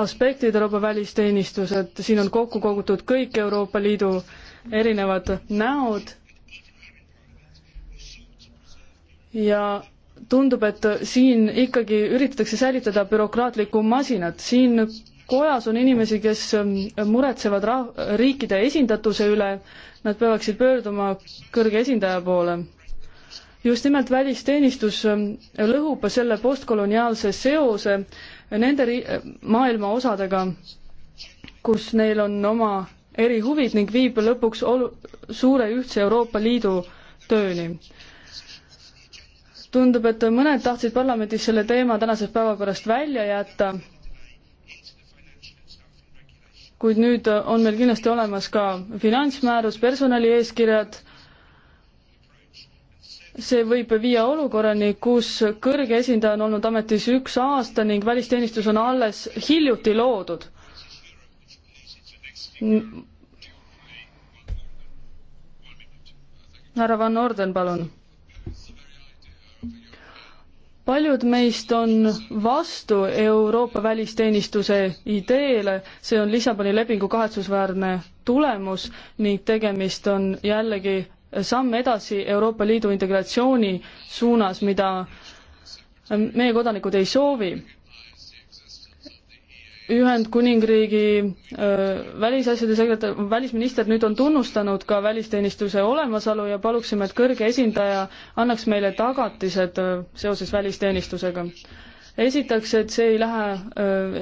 aspektid Euroopa välisteenistus, et siin on kokku kogutud kõik Euroopa Liidu erinevad näod ja tundub, et siin ikkagi üritatakse säilitada bürokraatlikku masinat, siin kojas on inimesi, kes muretsevad ra-, riikide esindatuse üle, nad peaksid pöörduma kõrge esindaja poole. just nimelt välisteenistus lõhub selle postkoloniaalse seose nende maailma osadega, kus neil on oma erihuvid ning viib lõpuks olu-, suure ühtse Euroopa Liidu tööni. tundub, et mõned tahtsid parlamendis selle teema tänasest päevakorrast välja jätta, kuid nüüd on meil kindlasti olemas ka finantsmäärus, personalieeskirjad see võib viia olukorrani, kus kõrge esindaja on olnud ametis üks aasta ning välisteenistus on alles hiljuti loodud. härra Van Orden, palun. paljud meist on vastu Euroopa välisteenistuse ideele, see on Lissaboni lepingu kahetsusväärne tulemus ning tegemist on jällegi samm edasi Euroopa Liidu integratsiooni suunas, mida meie kodanikud ei soovi. Ühendkuningriigi välisasjade sekretär, välisminister nüüd on tunnustanud ka välisteenistuse olemasolu ja paluksime, et kõrge esindaja annaks meile tagatised seoses välisteenistusega esiteks, et see ei lähe,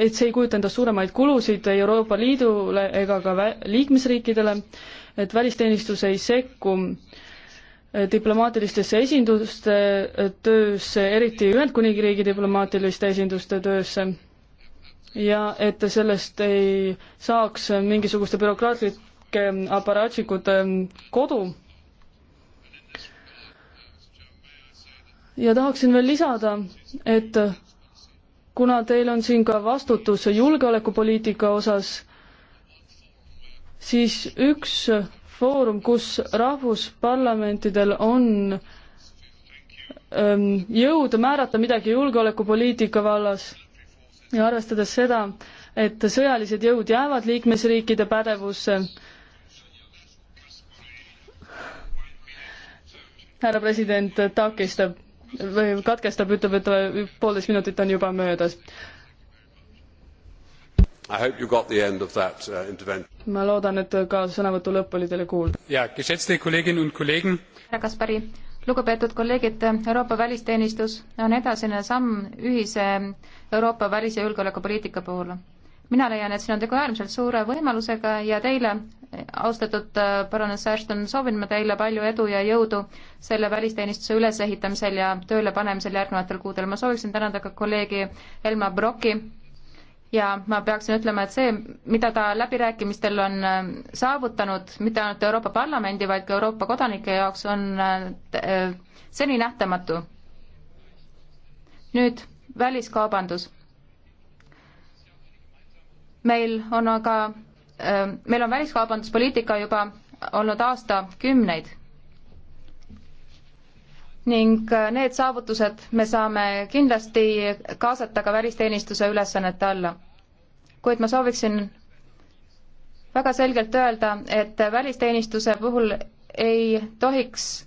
et see ei kujuta endast suuremaid kulusid Euroopa Liidule ega ka liikmesriikidele et välisteenistus ei sekku eh, diplomaatilistesse esinduste eh, töösse, eriti Ühendkuningriigi diplomaatiliste esinduste töösse, ja et sellest ei saaks mingisuguste bürokraatlike aparaatsikute eh, kodu. ja tahaksin veel lisada, et kuna teil on siin ka vastutus julgeolekupoliitika osas, siis üks foorum, kus rahvusparlamentidel on ähm, jõud määrata midagi julgeolekupoliitika vallas ja arvestades seda, et sõjalised jõud jäävad liikmesriikide pädevusse. härra president takistab või katkestab, ütleb, et poolteist minutit on juba möödas. Uh, ma loodan, et ka sõnavõtu lõpp oli teile kuulda. härra Kaspari, lugupeetud kolleegid, Euroopa välisteenistus on edasine samm ühise Euroopa välis- ja julgeolekupoliitika puhul. mina leian, et siin on tegu äärmiselt suure võimalusega ja teile, austatud baroness äh, Ashton, soovin ma teile palju edu ja jõudu selle välisteenistuse ülesehitamisel ja tööle panemisel järgnevatel kuudel. ma sooviksin tänada ka kolleegi Elmar Brocki ja ma peaksin ütlema, et see, mida ta läbirääkimistel on äh, saavutanud, mitte ainult Euroopa Parlamendi, vaid ka Euroopa kodanike jaoks, on äh, seni nähtamatu. nüüd väliskaubandus. meil on aga, äh, meil on väliskaubanduspoliitika juba olnud aastakümneid ning äh, need saavutused me saame kindlasti kaasata ka välisteenistuse ülesannete alla. kuid ma sooviksin väga selgelt öelda, et välisteenistuse puhul ei tohiks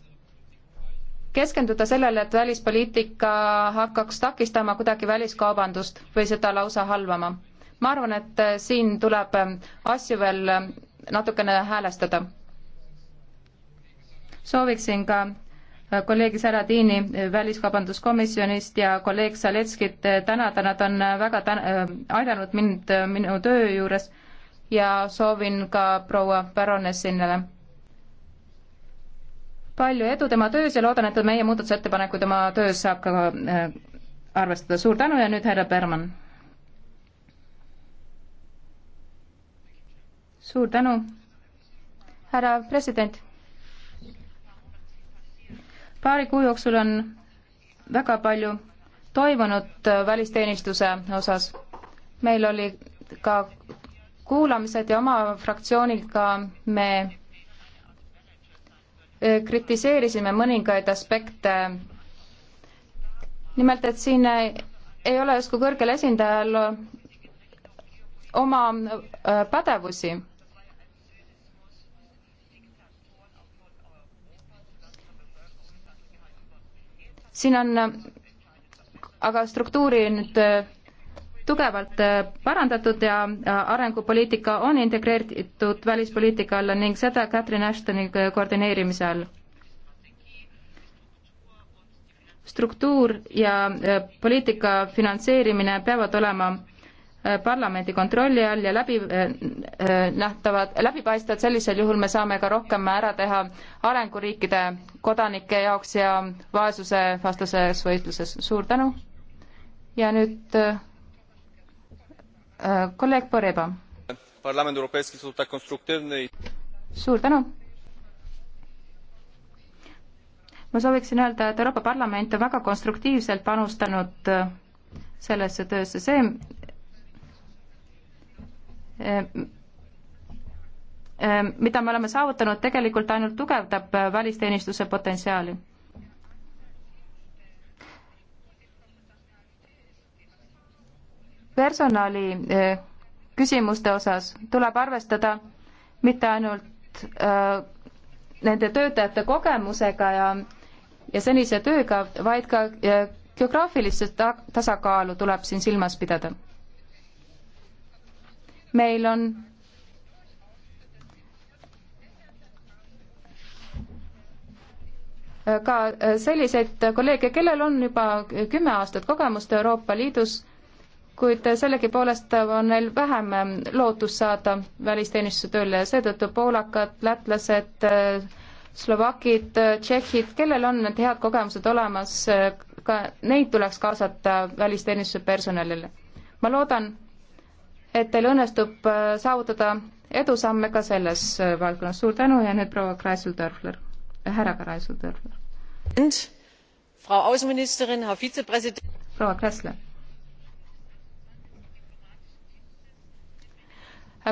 keskenduda sellele, et välispoliitika hakkaks takistama kuidagi väliskaubandust või seda lausa halvama. ma arvan, et äh, siin tuleb äh, asju veel natukene häälestada. sooviksin ka kolleeg Saradini Väliskaubanduskomisjonist ja kolleeg Saletskit tänada, nad on väga tän-, aidanud mind minu töö juures ja soovin ka proua Baronessinile palju edu tema töös ja loodan, et meie muudatusettepanekud oma töös saab ka äh, arvestada. suur tänu ja nüüd härra Berman. suur tänu, härra president paari kuu jooksul on väga palju toimunud äh, välisteenistuse osas. meil oli ka kuulamised ja oma fraktsiooniga me äh, kritiseerisime mõningaid aspekte. nimelt, et siin äh, ei ole justkui kõrgel esindajal oma pädevusi siin on aga struktuuri nüüd äh, tugevalt äh, parandatud ja äh, arengupoliitika on integreeritud välispoliitika alla ning seda Catherine Ashtoni koordineerimise all. struktuur ja poliitika finantseerimine peavad olema Äh, parlamendi kontrolli all ja läbi äh, äh, nähtavad, läbipaistvad, sellisel juhul me saame ka rohkem ära teha arenguriikide kodanike jaoks ja vaesuse vastases võitluses. suur tänu. ja nüüd äh, kolleeg Poreba. suur tänu. ma sooviksin öelda, et Euroopa Parlament on väga konstruktiivselt panustanud sellesse töösse, see Ehm, ehm, mida me oleme saavutanud, tegelikult ainult tugevdab äh, välisteenistuse potentsiaali. personali äh, küsimuste osas tuleb arvestada mitte ainult äh, nende töötajate kogemusega ja, ja senise tööga, vaid ka geograafilist tasakaalu tuleb siin silmas pidada meil on ka selliseid kolleege, kellel on juba kümme aastat kogemust Euroopa Liidus, kuid sellegipoolest on neil vähem lootust saada välisteenistuse tööle ja seetõttu poolakad, lätlased, slovakid, tšehhid, kellel on need head kogemused olemas, ka neid tuleks kaasata välisteenistuse personalile. ma loodan, et teil õnnestub äh, saavutada edusamme ka selles äh, valdkonnas. suur tänu ja nüüd proua Kreisel-Dörfler, äh, härra Kreisel-Dörfler. proua Kressler.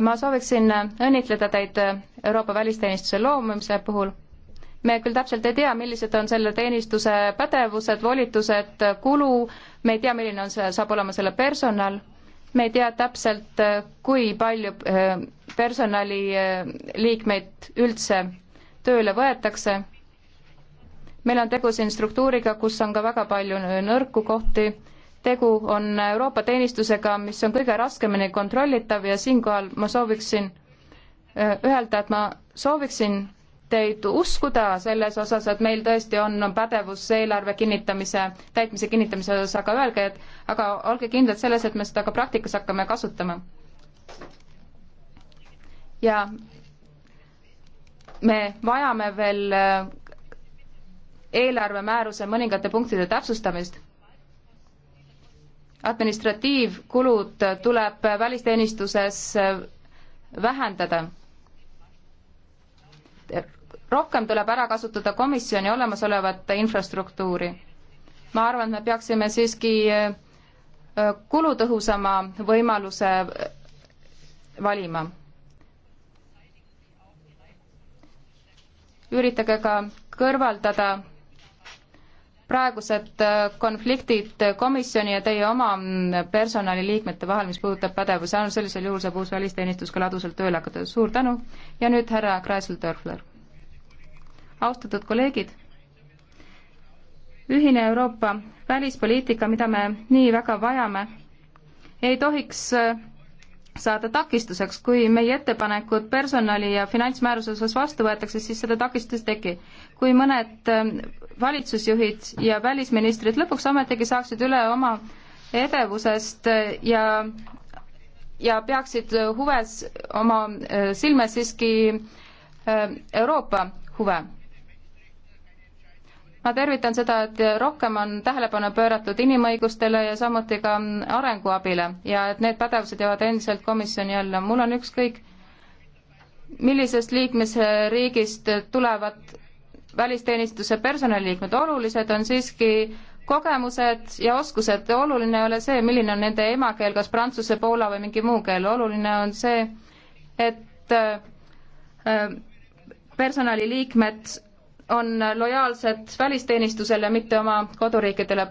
ma sooviksin õnnitleda teid Euroopa välisteenistuse loomumise puhul me küll täpselt ei tea, millised on selle teenistuse pädevused, volitused, kulu, me ei tea, milline on see, saab olema selle personal, me ei tea täpselt, äh, kui palju äh, personaliliikmeid äh, üldse tööle võetakse. meil on tegu siin struktuuriga, kus on ka väga palju nõrku kohti. tegu on Euroopa teenistusega, mis on kõige raskemini kontrollitav ja siinkohal ma sooviksin öelda, et ma sooviksin teid uskuda selles osas, et meil tõesti on pädevus eelarve kinnitamise, täitmise kinnitamise osas, aga öelge, et aga olge kindlad selles, et me seda ka praktikas hakkame kasutama. ja me vajame veel äh, eelarvemääruse mõningate punktide täpsustamist administratiivkulud tuleb välisteenistuses vähendada rohkem tuleb ära kasutada komisjoni olemasolevat infrastruktuuri. ma arvan, et me peaksime siiski äh, kulutõhusama võimaluse äh, valima. üritage ka kõrvaldada praegused äh, konfliktid komisjoni ja teie oma mm, personaliliikmete vahel, mis puudutab pädevuse, ainult sellisel juhul saab uus välisteenistus ka ladusalt tööle hakata. suur tänu ja nüüd härra Kreisel-Dörfler austatud kolleegid, ühine Euroopa välispoliitika, mida me nii väga vajame, ei tohiks äh, saada takistuseks, kui meie ettepanekud personali ja finantsmääruse osas vastu võetakse, siis seda takistust ei teki. kui mõned äh, valitsusjuhid ja välisministrid lõpuks ometigi saaksid üle oma edevusest äh, ja ja peaksid huves oma silmes siiski Euroopa huve ma tervitan seda, et rohkem on tähelepanu pööratud inimõigustele ja samuti ka arenguabile ja et need pädevused jäävad endiselt komisjoni alla. mul on ükskõik, millisest liikmesriigist tulevad välisteenistuse personaliliikmed, olulised on siiski kogemused ja oskused, oluline ei ole see, milline on nende emakeel, kas prantsuse, poola või mingi muu keel, oluline on see, et äh, personaliliikmed on lojaalsed välisteenistusele, mitte oma koduriikidele.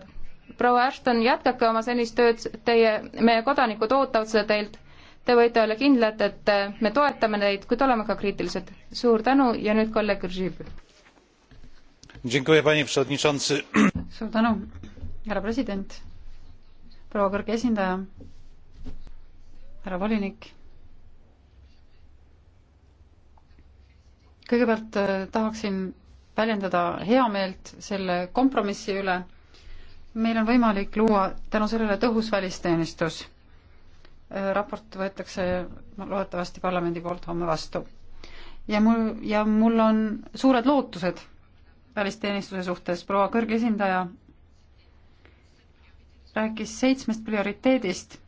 proua Ashton, jätkake oma senist tööd, teie, meie kodanikud ootavad seda teilt. Te võite olla kindlad, et äh, me toetame teid, kuid oleme ka kriitilised. suur tänu ja nüüd kolleeg Ržib. suur tänu, härra president, proua kõrge esindaja, härra volinik kõigepealt äh, tahaksin väljendada heameelt selle kompromissi üle. meil on võimalik luua tänu sellele tõhus välisteenistus. Äh, raport võetakse loodetavasti parlamendi poolt homme vastu. ja mul, ja mul on suured lootused välisteenistuse suhtes, proua kõrgesindaja rääkis seitsmest prioriteedist.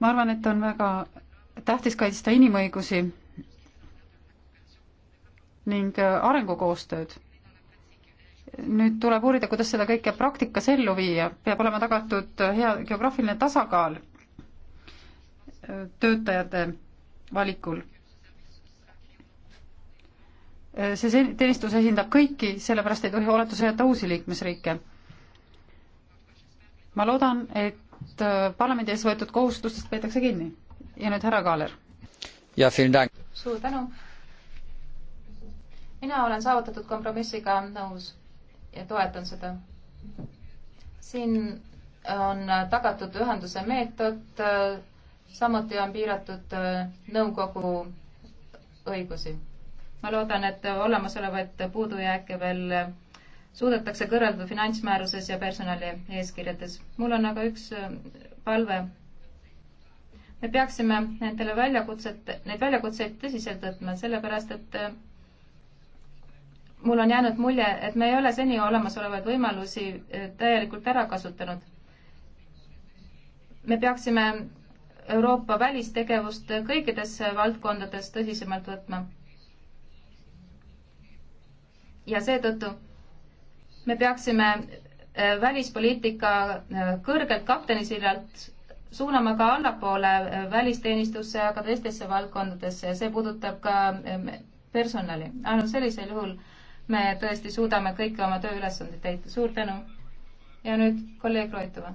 ma arvan, et on väga tähtis kaitsta inimõigusi ning äh, arengukoostööd. nüüd tuleb uurida, kuidas seda kõike praktikas ellu viia, peab olema tagatud äh, hea geograafiline tasakaal äh, töötajate valikul. see teenistus esindab kõiki, sellepärast ei tohi oletuse jätta uusi liikmesriike. ma loodan, et parlamendi ees võetud kohustustest peetakse kinni ja nüüd härra Kaaler. suur tänu mina olen saavutatud kompromissiga nõus ja toetan seda. siin on tagatud ühenduse meetod, samuti on piiratud nõukogu õigusi. ma loodan, et olemasolevaid puudujääke veel suudetakse kõrvaldada finantsmääruses ja personali eeskirjades. mul on aga üks äh, palve. me peaksime nendele väljakutset, neid väljakutseid tõsiselt võtma, sellepärast et äh, mul on jäänud mulje, et me ei ole seni olemasolevaid võimalusi eh, täielikult ära kasutanud. me peaksime Euroopa välistegevust kõikides valdkondades tõsisemalt võtma. ja seetõttu me peaksime eh, välispoliitika eh, kõrgelt kaptenisillalt suunama ka allapoole välisteenistusse, aga teistesse valdkondadesse ja see puudutab ka personali. ainult sellisel juhul me tõesti suudame kõiki oma tööülesandeid täita. suur tänu. ja nüüd kolleeg Roitova.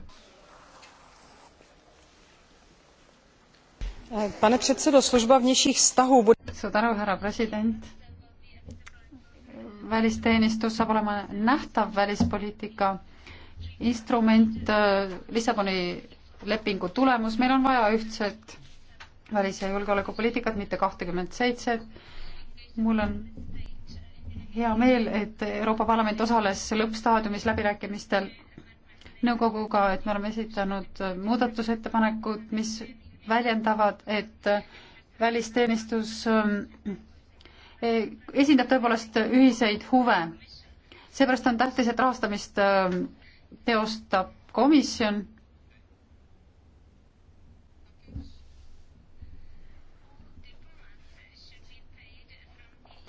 pane předsedo, služba vnějších vztahů. suur tänu, härra president. välisteenistus saab olema nähtav välispoliitika instrument, äh, Lissaboni lepingu tulemus, meil on vaja ühtset välis- ja julgeolekupoliitikat, mitte kahtekümmet seitset. mul on hea meel, et Euroopa Parlament osales lõppstaadiumis läbirääkimistel nõukoguga, et me oleme esitanud muudatusettepanekud, mis väljendavad, et välisteenistus ähm, e, esindab tõepoolest ühiseid huve. seepärast on tähtis, et rahastamist ähm, teostab komisjon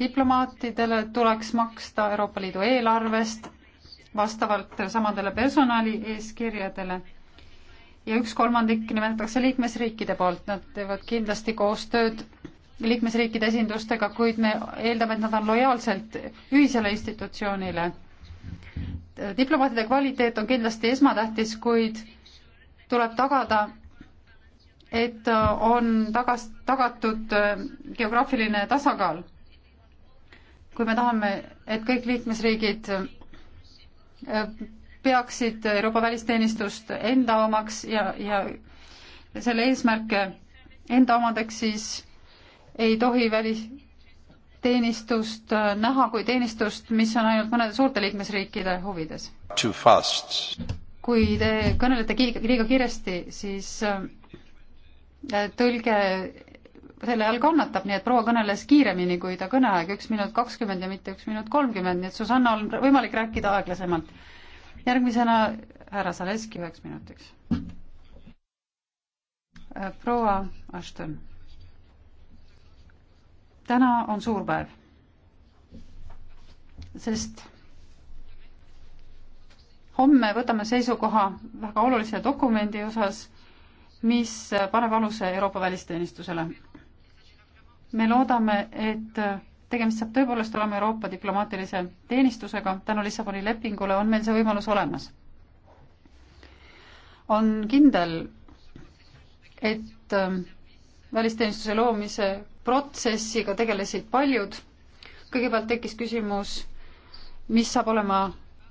diplomaatidele tuleks maksta Euroopa Liidu eelarvest vastavalt samadele personalieeskirjadele ja üks kolmandik nimetatakse liikmesriikide poolt, nad teevad kindlasti koostööd liikmesriikide esindustega, kuid me eeldame, et nad on lojaalselt ühisele institutsioonile. diplomaatide kvaliteet on kindlasti esmatähtis, kuid tuleb tagada, et on tagas, tagatud geograafiline tasakaal kui me tahame, et kõik liikmesriigid äh, peaksid Euroopa välisteenistust enda omaks ja, ja selle eesmärke enda omadeks, siis ei tohi välisteenistust äh, näha kui teenistust, mis on ainult mõnede suurte liikmesriikide huvides. kui te kõnelete liiga kiiresti, siis äh, tõlge selle all kannatab, nii et proua kõneles kiiremini, kui ta kõneaeg, üks minut kakskümmend ja mitte üks minut kolmkümmend, nii et Susanna on võimalik rääkida aeglasemalt. järgmisena härra Zaleski üheks minutiks. Äh, proua Ashton. täna on suur päev, sest homme võtame seisukoha väga olulise dokumendi osas mis paneb aluse Euroopa välisteenistusele me loodame, et tegemist saab tõepoolest olema Euroopa diplomaatilise teenistusega, tänu Lissaboni lepingule on meil see võimalus olemas. on kindel, et ähm, välisteenistuse loomise protsessiga tegelesid paljud, kõigepealt tekkis küsimus, mis saab olema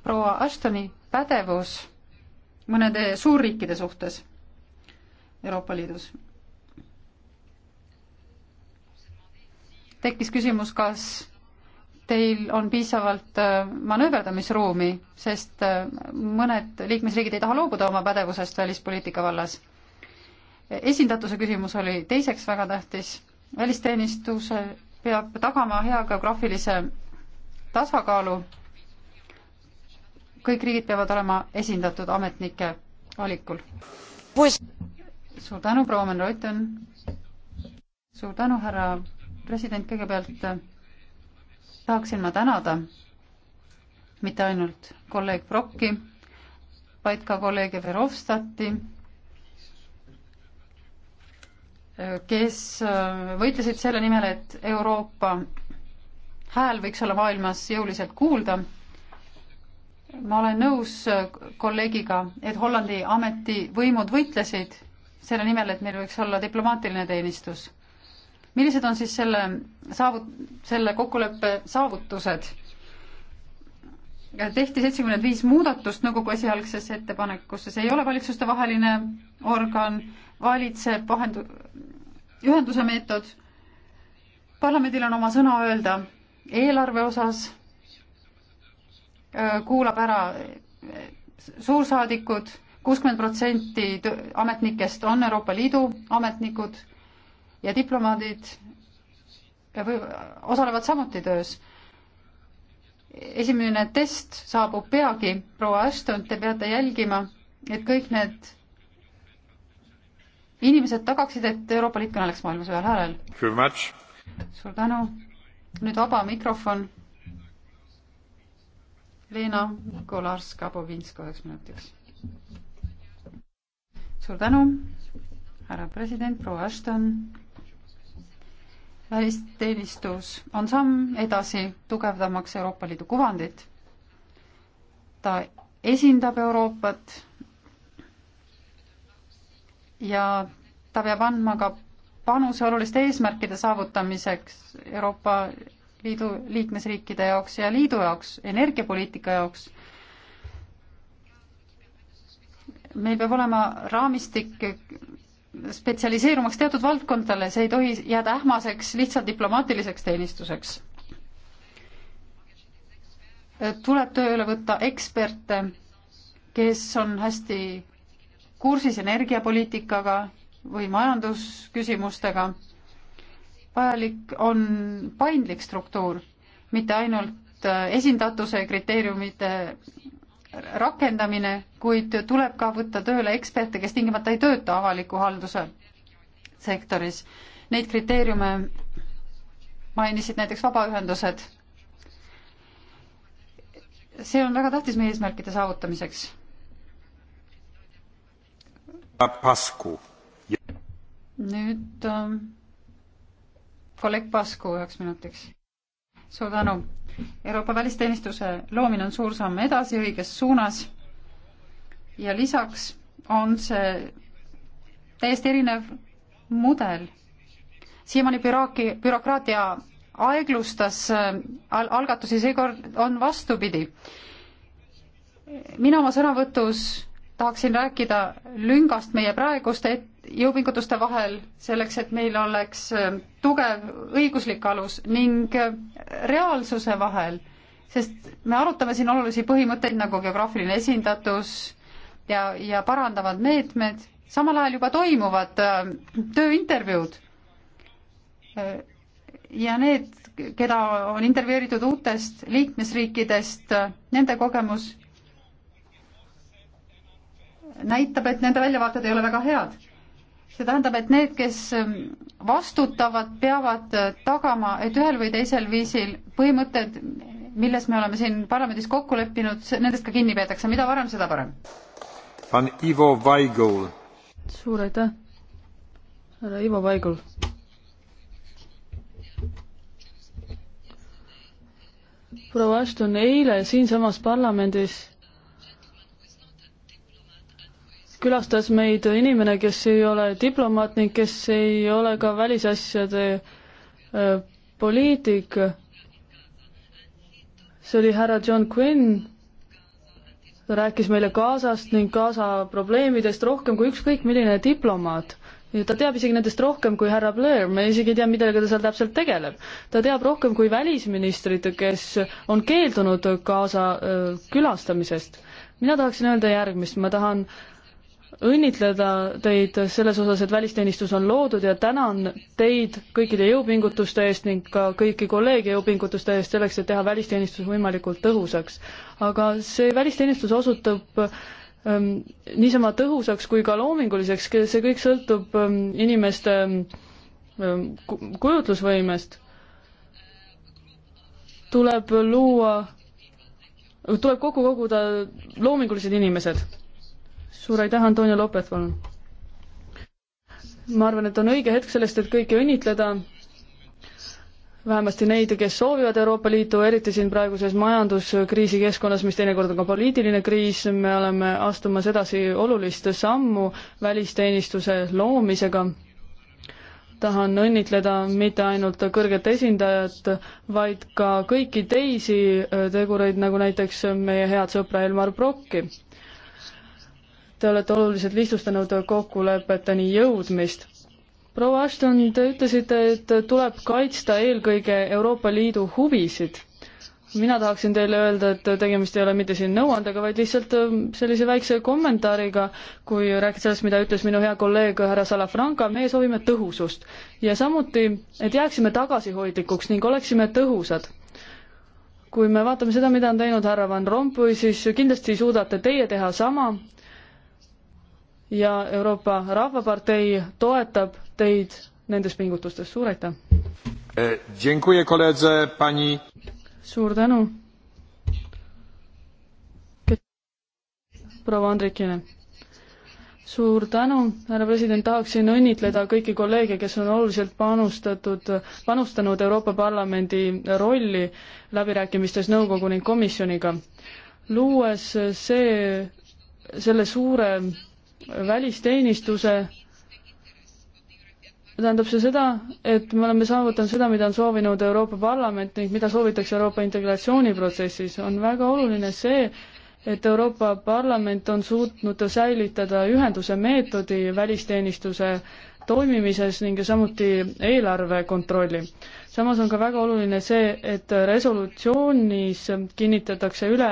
proua Ashtoni pädevus mõnede suurriikide suhtes Euroopa Liidus tekkis küsimus, kas teil on piisavalt äh, manööverdamisruumi, sest äh, mõned liikmesriigid ei taha loobuda oma pädevusest välispoliitika vallas. esindatuse küsimus oli teiseks väga tähtis, välisteenistus peab tagama hea geograafilise tasakaalu, kõik riigid peavad olema esindatud ametnike valikul. suur tänu, proua Manroiten, suur tänu, härra president, kõigepealt tahaksin ma tänada mitte ainult kolleeg Brocki, vaid ka kolleeg Verhofstadti, kes äh, võitlesid selle nimel, et Euroopa hääl võiks olla maailmas jõuliselt kuulda. ma olen nõus äh, kolleegiga, et Hollandi ametivõimud võitlesid selle nimel, et meil võiks olla diplomaatiline teenistus millised on siis selle saavut-, selle kokkuleppe saavutused? tehti seitsekümmend viis muudatust nõukogu esialgses ettepanekusse, see ei ole valitsustevaheline organ, valitseb vahendu-, ühenduse meetod, parlamendil on oma sõna öelda eelarve osas, äh, kuulab ära äh, suursaadikud kuuskümmend protsenti ametnikest on Euroopa Liidu ametnikud ja diplomaadid või osalevad samuti töös. esimene test saabub peagi, proua Ashton, te peate jälgima, et kõik need inimesed tagaksid, et Euroopa Liit kõneleks maailmas ühel häälel. suur tänu. nüüd vaba mikrofon. Leena Kolarska-Bovinska üheks minutiks. suur tänu, härra president, proua Ashton välisteenistus on samm edasi tugevdamaks Euroopa Liidu kuvandit. ta esindab Euroopat ja ta peab andma ka panuse oluliste eesmärkide saavutamiseks Euroopa Liidu liikmesriikide jaoks ja liidu jaoks, energiapoliitika jaoks. meil peab olema raamistik spetsialiseerumaks teatud valdkondadele, see ei tohi jääda ähmaseks lihtsalt diplomaatiliseks teenistuseks. tuleb tööle võtta eksperte, kes on hästi kursis energiapoliitikaga või majandusküsimustega. vajalik on paindlik struktuur, mitte ainult esindatuse kriteeriumite rakendamine, kuid tuleb ka võtta tööle eksperte, kes tingimata ei tööta avaliku halduse sektoris. Neid kriteeriume mainisid näiteks vabaühendused. see on väga tähtis meie eesmärkide saavutamiseks. nüüd ähm, kolleeg Pasku üheks minutiks. suur tänu Euroopa välisteenistuse loomine on suur samm edasi õiges suunas ja lisaks on see täiesti erinev mudel. siiamaani büroki, bürokraatia aeglustas äh, al-, algatusi, seekord on vastupidi. mina oma sõnavõtus tahaksin rääkida lüngast meie praeguste et-, jõupingutuste vahel selleks, et meil oleks äh, tugev õiguslik alus ning äh, reaalsuse vahel, sest me arutame siin olulisi põhimõtteid nagu geograafiline esindatus ja, ja parandavad meetmed, samal ajal juba toimuvad äh, tööintervjuud. ja need, keda on intervjueeritud uutest liikmesriikidest, nende kogemus näitab, et nende väljavaated ei ole väga head see tähendab, et need, kes ähm, vastutavad, peavad äh, tagama, et ühel või teisel viisil põhimõtted, milles me oleme siin parlamendis kokku leppinud, nendest ka kinni peetakse, mida varem, seda parem. on Ivo Vaigul. suur aitäh, härra Ivo Vaigul. proua Ashton, eile siinsamas parlamendis külastas meid inimene, kes ei ole diplomaat ning kes ei ole ka välisasjade äh, poliitik. see oli härra John Quinn. ta rääkis meile Gazast ning Gaza probleemidest rohkem kui ükskõik milline diplomaat ja ta teab isegi nendest rohkem kui härra Blair, me isegi ei tea, millega ta seal täpselt tegeleb. ta teab rohkem kui välisministrid, kes on keeldunud Gaza äh, külastamisest. mina tahaksin öelda järgmist, ma tahan õnnitleda teid selles osas, et välisteenistus on loodud ja tänan teid kõikide jõupingutuste eest ning ka kõiki kolleege jõupingutuste eest selleks, et teha välisteenistus võimalikult tõhusaks. aga see välisteenistus osutub ähm, niisama tõhusaks kui ka loominguliseks, see kõik sõltub ähm, inimeste ähm, kujutlusvõimest. tuleb luua, tuleb kokku koguda loomingulised inimesed suur aitäh, Antonio Lopet, palun! ma arvan, et on õige hetk sellest, et kõiki õnnitleda, vähemasti neid, kes soovivad Euroopa Liitu, eriti siin praeguses majanduskriisi keskkonnas, mis teinekord on ka poliitiline kriis, me oleme astumas edasi olulist sammu välisteenistuse loomisega. tahan õnnitleda mitte ainult kõrget esindajat, vaid ka kõiki teisi tegureid, nagu näiteks meie head sõpra Elmar Brokki Te olete oluliselt lihtsustanud kokkulepeteni jõudmist. proua Ashton, te ütlesite, et tuleb kaitsta eelkõige Euroopa Liidu huvisid. mina tahaksin teile öelda, et tegemist ei ole mitte siin nõuandega, vaid lihtsalt äh, sellise väikse kommentaariga, kui rääkida sellest, mida ütles minu hea kolleeg härra Salafranca, meie soovime tõhusust. ja samuti, et jääksime tagasihoidlikuks ning oleksime tõhusad kui me vaatame seda, mida on teinud härra Van Rompuy, siis kindlasti suudate teie teha sama ja Euroopa Rahvapartei toetab teid nendes pingutustes, suur aitäh! E, suur tänu! proua Andrikine. suur tänu, härra president, tahaksin õnnitleda kõiki kolleege, kes on oluliselt panustatud, panustanud Euroopa Parlamendi rolli läbirääkimistes nõukogu ning komisjoniga. luues see, selle suure välisteenistuse, tähendab see seda, et me oleme saavutanud seda, mida on soovinud Euroopa Parlament ning mida soovitakse Euroopa integratsiooniprotsessis, on väga oluline see, et Euroopa Parlament on suutnud säilitada ühenduse meetodi välisteenistuse toimimises ning samuti eelarve kontrolli samas on ka väga oluline see, et resolutsioonis kinnitatakse üle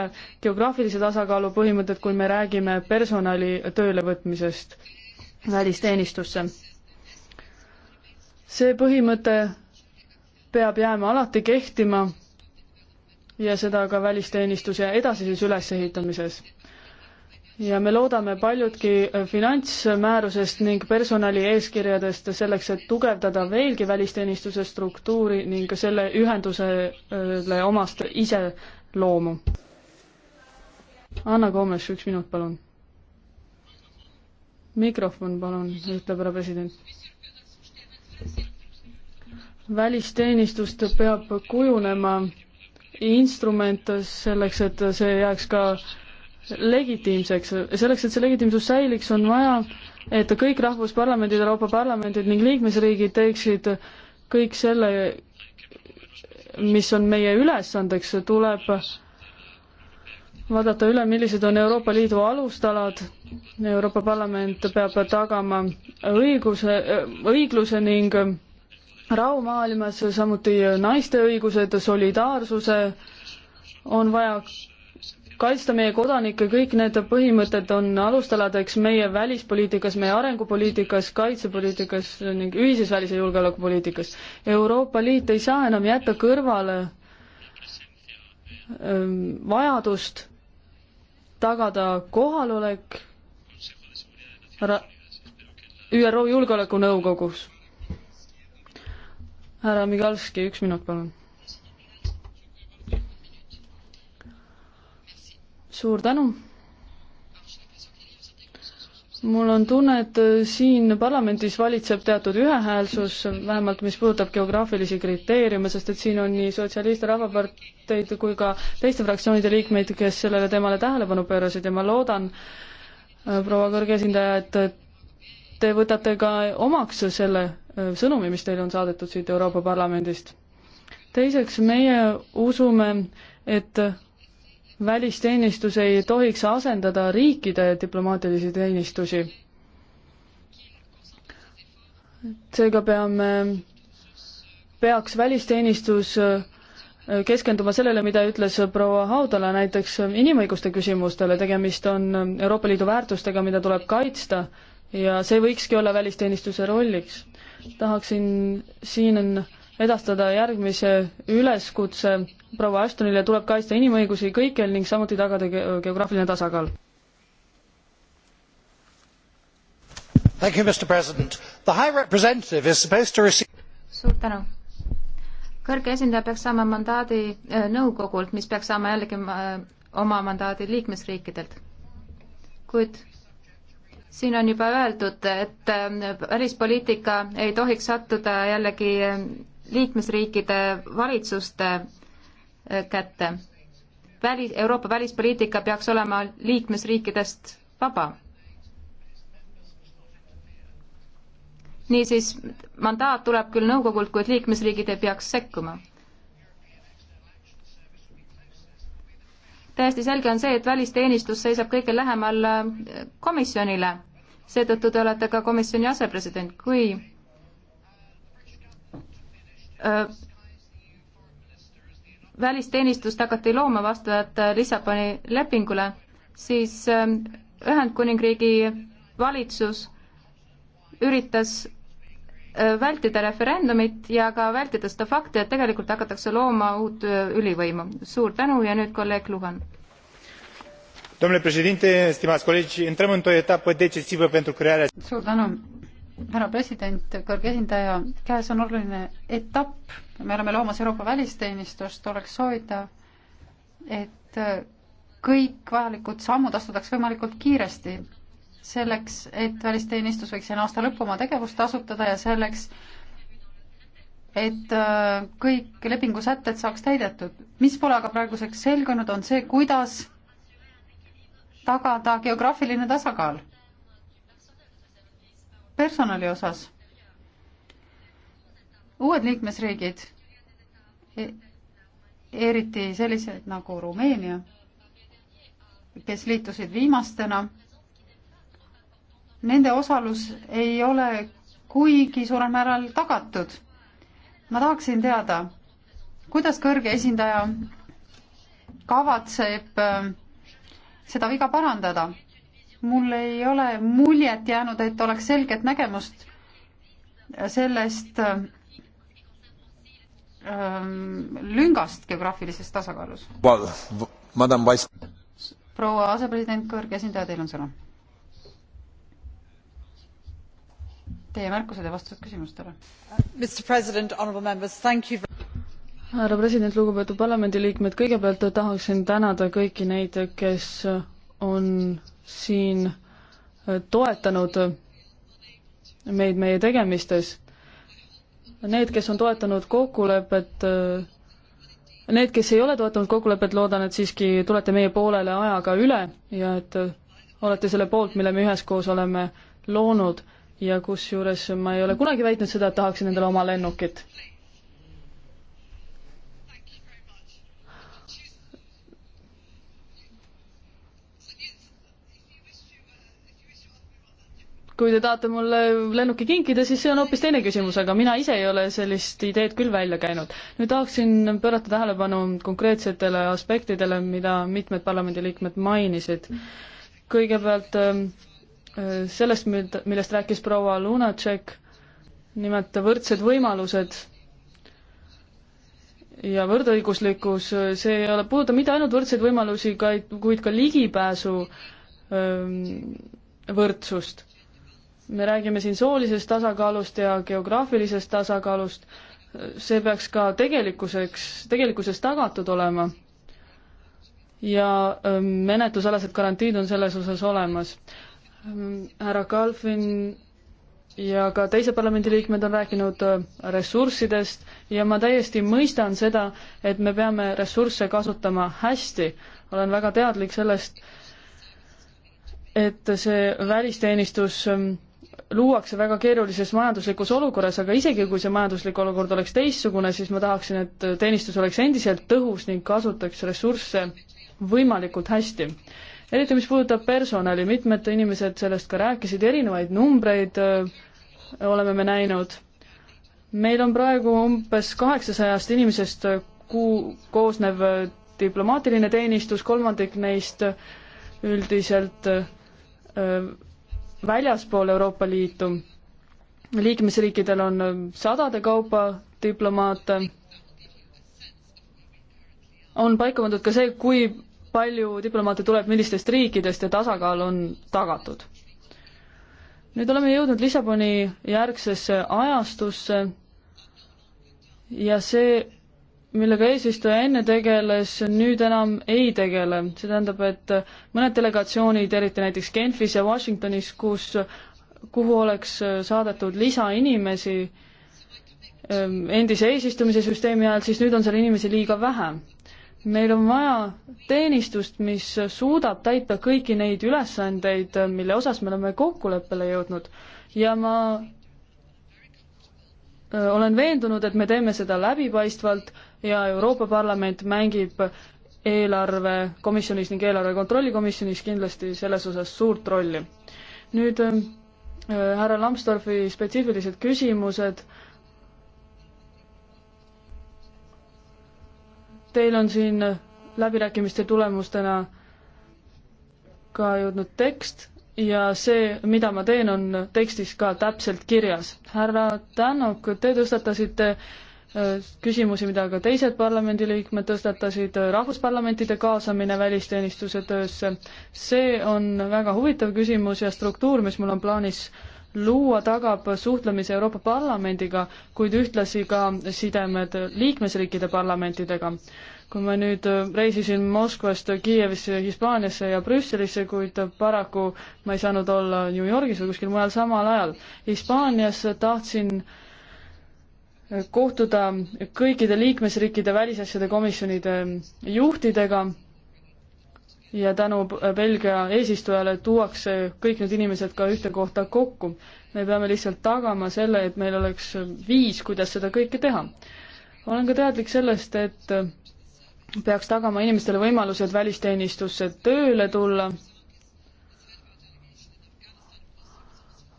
geograafilise tasakaalu põhimõtted, kui me räägime personali töölevõtmisest välisteenistusse. see põhimõte peab jääma alati kehtima ja seda ka välisteenistuse edasises ülesehitamises ja me loodame paljudki finantsmäärusest ning personalieeskirjadest selleks, et tugevdada veelgi välisteenistuse struktuuri ning selle ühendusele omast iseloomu. Anna Koomes, üks minut, palun. mikrofon, palun, ütleb härra president. välisteenistust peab kujunema instrument selleks, et see jääks ka äh, legitiimseks, selleks, et see legitiimsus säiliks, on vaja, et kõik rahvusparlamendid, Euroopa Parlamendid ning liikmesriigid teeksid kõik selle, mis on meie ülesandeks, tuleb vaadata üle, millised on Euroopa Liidu alustalad, Euroopa Parlament peab tagama õiguse, õigluse ning rahu maailmas, samuti naiste õigused, solidaarsuse, on vaja kaitsta meie kodanikke, kõik need põhimõtted on alustaladeks meie välispoliitikas, meie arengupoliitikas, kaitsepoliitikas ning ühises välis- ja julgeolekupoliitikas. Euroopa Liit ei saa enam jätta kõrvale ähm, vajadust tagada kohalolek ÜRO Julgeolekunõukogus. härra Migalski, üks minut, palun suur tänu. mul on tunne, et siin parlamendis valitseb teatud ühehäälsus, vähemalt mis puudutab geograafilisi kriteeriume, sest et siin on nii sotsialiste rahvaparteid kui ka teiste fraktsioonide liikmeid, kes sellele teemale tähelepanu pöörasid ja ma loodan, proua kõrge esindaja, et te võtate ka omaks selle äh, sõnumi, mis teile on saadetud siit Euroopa Parlamendist. teiseks, meie usume, et välisteenistus ei tohiks asendada riikide diplomaatilisi teenistusi. seega peame, peaks välisteenistus äh, keskenduma sellele, mida ütles proua Haudala näiteks inimõiguste küsimustele, tegemist on äh, Euroopa Liidu väärtustega, mida tuleb kaitsta ja see võikski olla välisteenistuse rolliks. tahaksin siin edastada järgmise üleskutse proua Ashtonile, tuleb kaitsta inimõigusi kõikjal ning samuti tagada ge geograafiline tasakaal. suur tänu. kõrge esindaja peaks saama mandaadi äh, nõukogult, mis peaks saama jällegi äh, oma mandaadi liikmesriikidelt. kuid siin on juba öeldud, et välispoliitika äh, ei tohiks sattuda jällegi liikmesriikide valitsuste äh, kätte. väli, Euroopa välispoliitika peaks olema liikmesriikidest vaba. niisiis, mandaat tuleb küll nõukogult, kuid liikmesriigid ei peaks sekkuma. täiesti selge on see, et välisteenistus seisab kõige lähemal äh, komisjonile. seetõttu te olete ka komisjoni asepresident, kui Äh, välisteenistust hakati looma vastavalt äh, Lissaboni lepingule, siis äh, Ühendkuningriigi valitsus üritas vältida referendumit ja ka vältida seda fakti, et tegelikult hakatakse looma uut ülivõimu. suur tänu ja nüüd kolleeg Luhan. domnule președinte, stimați colegi, intrăm într-o etapă decisivă pentru crearea suur tänu, härra president, kõrge esindaja, käes on oluline etapp, me oleme loomas Euroopa välisteenistust, oleks soovida, et kõik vajalikud sammud astutaks võimalikult kiiresti, selleks, et välisteenistus võiks enne aasta lõppu oma tegevust asutada ja selleks, et äh, kõik lepingusätted saaks täidetud. mis pole aga praeguseks selgunud, on see, kuidas tagada geograafiline tasakaal personali osas uued liikmesriigid, e-, eriti sellised nagu Rumeenia, kes liitusid viimastena, nende osalus ei ole kuigi suurel määral tagatud. ma tahaksin teada, kuidas kõrge esindaja kavatseb äh, seda viga parandada mul ei ole muljet jäänud, et oleks selget nägemust sellest ähm, lüngast geograafilises tasakaalus well,. proua asepresident, kõrge esindaja, teil on sõna. Teie märkused ja vastused küsimustele. härra president, lugupeetud parlamendiliikmed, kõigepealt tahaksin tänada kõiki neid, kes on siin äh, toetanud meid meie tegemistes. Need, kes on toetanud kokkulepet, äh, need, kes ei ole toetanud kokkulepet, loodan, et siiski tulete meie poolele ajaga üle ja et äh, olete selle poolt, mille me üheskoos oleme loonud ja kusjuures ma ei ole kunagi väitnud seda, et tahaksin endale oma lennukit kui te tahate mulle lennuki kinkida, siis see on hoopis teine küsimus, aga mina ise ei ole sellist ideed küll välja käinud. nüüd tahaksin pöörata tähelepanu konkreetsetele aspektidele, mida mitmed parlamendiliikmed mainisid. kõigepealt ähm, äh, sellest, millest rääkis proua Lunatšek, nimelt võrdsed võimalused ja võrdõiguslikkus, see ei ole, puuduta mitte ainult võrdseid võimalusi, vaid, kuid ka ligipääsu ähm, võrdsust me räägime siin soolisest tasakaalust ja geograafilisest tasakaalust, see peaks ka tegelikkuseks, tegelikkuses tagatud olema. ja ähm, menetlusalased garantiid on selles osas olemas. härra Kalfin ja ka teised parlamendiliikmed on rääkinud äh, ressurssidest ja ma täiesti mõistan seda, et me peame ressursse kasutama hästi. olen väga teadlik sellest, et see välisteenistus ähm, luuakse väga keerulises majanduslikus olukorras, aga isegi kui see majanduslik olukord oleks teistsugune, siis ma tahaksin, et teenistus oleks endiselt tõhus ning kasutaks ressursse võimalikult hästi. eriti, mis puudutab personali, mitmed inimesed sellest ka rääkisid, erinevaid numbreid öö, äh, oleme me näinud. meil on praegu umbes kaheksasajast inimesest kuu koosnev äh, diplomaatiline teenistus, kolmandik neist äh, üldiselt öö, väljaspool Euroopa Liitu. liikmesriikidel on äh, sadade kaupa diplomaate. on paika pandud ka see, kui palju diplomaate tuleb millistest riikidest ja tasakaal on tagatud. nüüd oleme jõudnud Lissaboni järgsesse ajastusse ja see millega eesistuja enne tegeles, nüüd enam ei tegele. see tähendab, et mõned delegatsioonid, eriti näiteks Genfis ja Washingtonis, kus, kuhu oleks saadetud lisainimesi ähm, endise eesistumise süsteemi ajal, siis nüüd on seal inimesi liiga vähe. meil on vaja teenistust, mis suudab täita kõiki neid ülesandeid, mille osas me oleme kokkuleppele jõudnud ja ma äh, olen veendunud, et me teeme seda läbipaistvalt ja Euroopa Parlament mängib eelarvekomisjonis ning eelarve kontrolli komisjonis kindlasti selles osas suurt rolli. nüüd äh, härra Lambsdorfi spetsiifilised küsimused. Teil on siin läbirääkimiste tulemustena ka jõudnud tekst ja see, mida ma teen, on tekstis ka täpselt kirjas. härra Tänok, te tõstatasite äh, Äh, küsimusi, mida ka teised parlamendiliikmed tõstatasid, rahvusparlamentide kaasamine välisteenistuse töösse. see on väga huvitav küsimus ja struktuur, mis mul on plaanis luua tagab suhtlemise Euroopa Parlamendiga, kuid ühtlasi ka sidemed liikmesriikide parlamentidega. kui ma nüüd äh, reisisin Moskvast Kiievisse, Hispaaniasse ja Brüsselisse, kuid paraku ma ei saanud olla New Yorgis või kuskil mujal samal ajal. Hispaanias tahtsin äh, kohtuda kõikide liikmesriikide välisasjade komisjonide ähm, juhtidega ja tänu Belgia eesistujale tuuakse kõik need inimesed ka ühte kohta kokku. me peame lihtsalt tagama selle, et meil oleks viis, kuidas seda kõike teha. olen ka teadlik sellest, et äh, peaks tagama inimestele võimalused välisteenistusse tööle tulla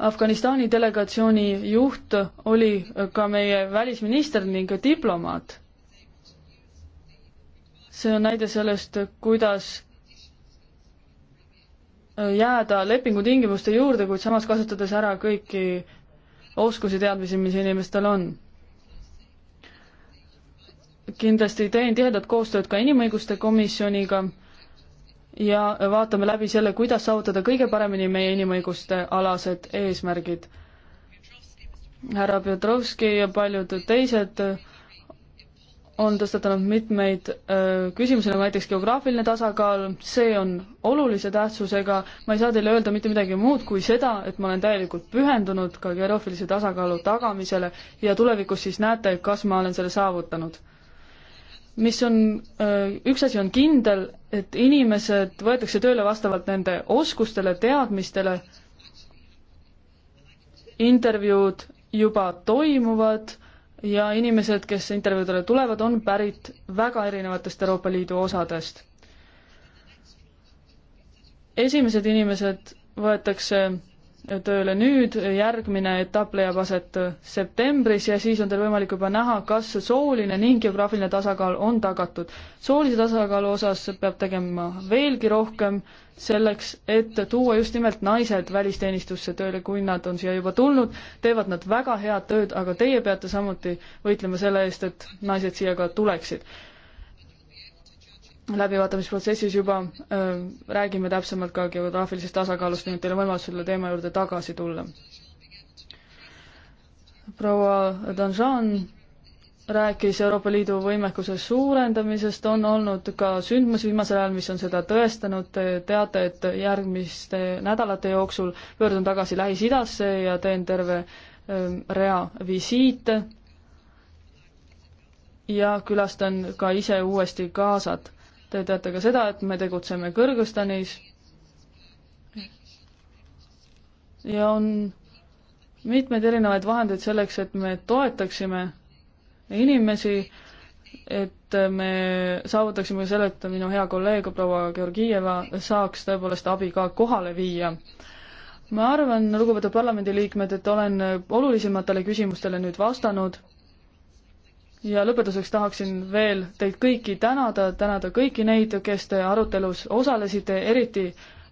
Afganistani delegatsiooni juht oli ka meie välisminister ning diplomaat. see on näide sellest, kuidas jääda lepingutingimuste juurde, kuid samas kasutades ära kõiki oskusi, teadmisi, mis inimestel on. kindlasti teen tihedat koostööd ka Inimõiguste Komisjoniga ja vaatame läbi selle, kuidas saavutada kõige paremini meie inimõiguste alased eesmärgid. härra Petrovski ja paljud teised on tõstatanud mitmeid äh, küsimusi, nagu näiteks geograafiline tasakaal, see on olulise tähtsusega, ma ei saa teile öelda mitte midagi muud kui seda, et ma olen täielikult pühendunud ka geograafilise tasakaalu tagamisele ja tulevikus siis näete, kas ma olen selle saavutanud mis on, üks asi on kindel, et inimesed võetakse tööle vastavalt nende oskustele, teadmistele, intervjuud juba toimuvad ja inimesed, kes intervjuudele tulevad, on pärit väga erinevatest Euroopa Liidu osadest. esimesed inimesed võetakse tööle nüüd, järgmine etapp leiab aset septembris ja siis on teil võimalik juba näha, kas sooline ning geograafiline tasakaal on tagatud. soolise tasakaalu osas peab tegema veelgi rohkem selleks, et tuua just nimelt naised välisteenistusse tööle, kui nad on siia juba tulnud, teevad nad väga head tööd, aga teie peate samuti võitlema selle eest, et naised siia ka tuleksid läbivaatamisprotsessis juba äh, räägime täpsemalt ka geograafilisest tasakaalust, nii et teil on võimalus selle teema juurde tagasi tulla. proua Danjan rääkis Euroopa Liidu võimekuse suurendamisest, on olnud ka sündmusi viimasel ajal, mis on seda tõestanud, te teate, et järgmiste nädalate jooksul pöördun tagasi Lähis-Idasse ja teen terve äh, rea visiite ja külastan ka ise uuesti Gazat Te teate ka seda, et me tegutseme Kõrgõzstanis ja on mitmeid erinevaid vahendeid selleks, et me toetaksime inimesi, et me saavutaksime selle, et minu hea kolleeg proua Georgieva saaks tõepoolest abi ka kohale viia. ma arvan, lugupeetud parlamendiliikmed, et olen olulisematele küsimustele nüüd vastanud ja lõpetuseks tahaksin veel teid kõiki tänada, tänada kõiki neid, kes te arutelus osalesite, eriti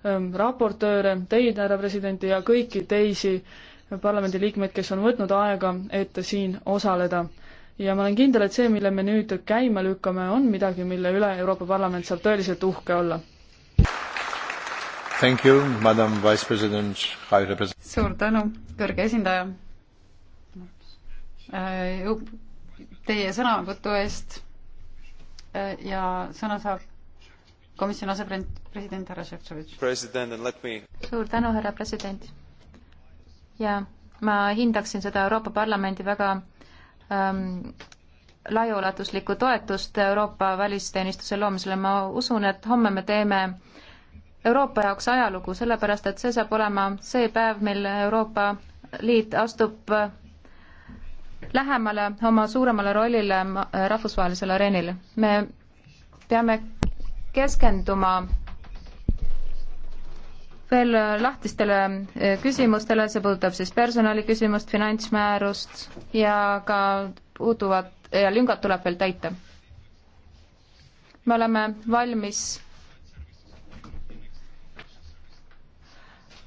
ähm, raportööre, teid, härra president, ja kõiki teisi parlamendiliikmeid, kes on võtnud aega, et siin osaleda. ja ma olen kindel, et see, mille me nüüd käima lükkame, on midagi, mille üle Euroopa Parlament saab tõeliselt uhke olla. Thank you, madam vice president, high representative. suur tänu, kõrge esindaja äh, teie sõnavõtu eest ja sõna saab komisjoni asepresident härra Šefčovitš. suur tänu, härra president. ja ma hindaksin seda Euroopa Parlamendi väga ähm, laiaulatuslikku toetust Euroopa välisteenistuse loomisele, ma usun, et homme me teeme Euroopa jaoks ajalugu, sellepärast et see saab olema see päev, mil Euroopa Liit astub lähemale oma suuremale rollile äh, rahvusvahelisel areenil. me peame keskenduma veel äh, lahtistele äh, küsimustele, see puudutab siis personaliküsimust, finantsmäärust ja ka puuduvad ja lüngad tuleb veel täita. me oleme valmis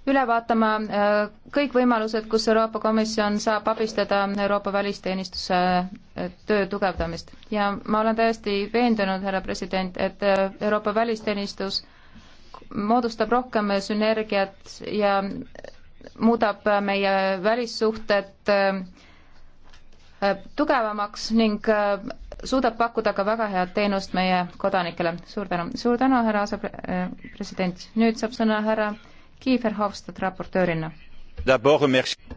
üle vaatama äh, kõik võimalused, kus Euroopa Komisjon saab abistada Euroopa välisteenistuse äh, töö tugevdamist. ja ma olen täiesti veendunud, härra president, et äh, Euroopa välisteenistus moodustab rohkem sünergiat ja muudab meie välissuhted tugevamaks ning suudab pakkuda ka väga head teenust meie kodanikele. suur tänu. suur tänu, härra asepresident. nüüd saab sõna härra Kiefer Hofstad raportöörina.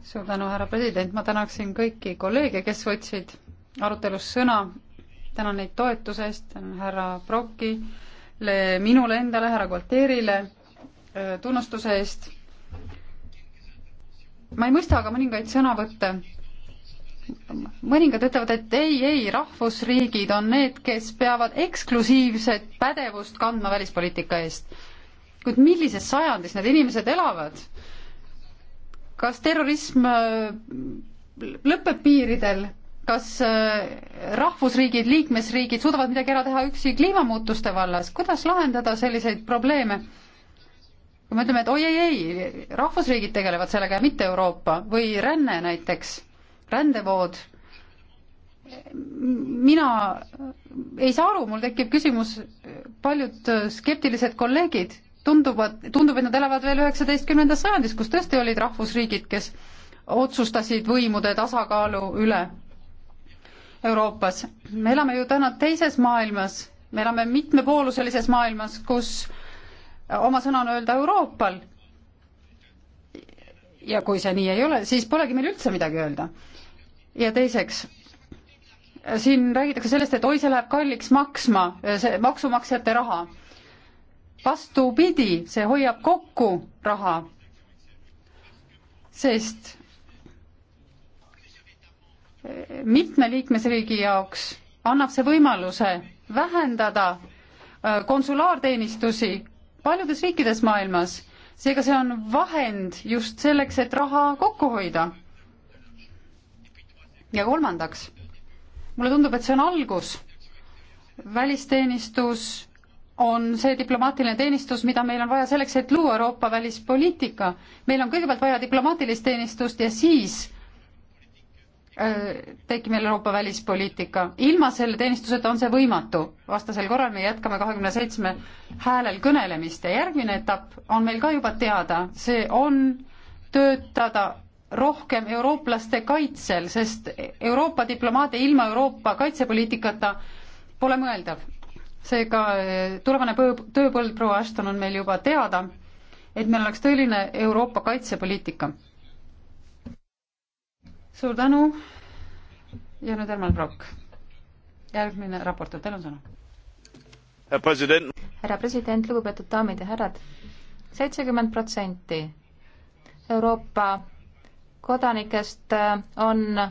suur tänu, härra president, ma tänaksin kõiki kolleege, kes võtsid arutelus sõna, tänan neid toetuse eest, tänan härra Brokile, minule endale, härra Gualterile tunnustuse eest. ma ei mõista aga mõningaid sõnavõtte mõningad ütlevad, et ei, ei, rahvusriigid on need, kes peavad eksklusiivset pädevust kandma välispoliitika eest kuid millises sajandis need inimesed elavad? kas terrorism äh, lõpeb piiridel, kas äh, rahvusriigid, liikmesriigid suudavad midagi ära teha üksi kliimamuutuste vallas, kuidas lahendada selliseid probleeme? kui me ütleme, et oi ei, ei, rahvusriigid tegelevad sellega ja mitte Euroopa või ränne näiteks, rändevood, mina ei saa aru, mul tekib küsimus, paljud skeptilised kolleegid tunduvad, tundub, et nad elavad veel üheksateistkümnendas sajandis, kus tõesti olid rahvusriigid, kes otsustasid võimude tasakaalu üle Euroopas. me elame ju täna teises maailmas, me elame mitmepooluses maailmas, kus oma sõna on öelda Euroopal. ja kui see nii ei ole, siis polegi meil üldse midagi öelda. ja teiseks, siin räägitakse sellest, et oi, see läheb kalliks maksma, see maksumaksjate raha vastupidi, see hoiab kokku raha, sest mitme liikmesriigi jaoks annab see võimaluse vähendada äh, konsulaarteenistusi paljudes riikides maailmas, seega see on vahend just selleks, et raha kokku hoida. ja kolmandaks, mulle tundub, et see on algus, välisteenistus on see diplomaatiline teenistus, mida meil on vaja selleks, et luua Euroopa välispoliitika. meil on kõigepealt vaja diplomaatilist teenistust ja siis äh, tekib meil Euroopa välispoliitika. ilma selle teenistuseta on see võimatu, vastasel korral me jätkame kahekümne seitsme häälel kõnelemist ja järgmine etapp on meil ka juba teada, see on töötada rohkem eurooplaste kaitsel, sest Euroopa diplomaatia ilma Euroopa kaitsepoliitikata pole mõeldav seega eh, tulevane tööpõld, proua Ashton, on meil juba teada, et meil oleks tõeline Euroopa kaitsepoliitika. suur tänu ja nüüd Herman Brock. järgmine raportöör, teil on sõna. härra president, lugupeetud daamid ja härrad, seitsekümmend protsenti Euroopa kodanikest äh, on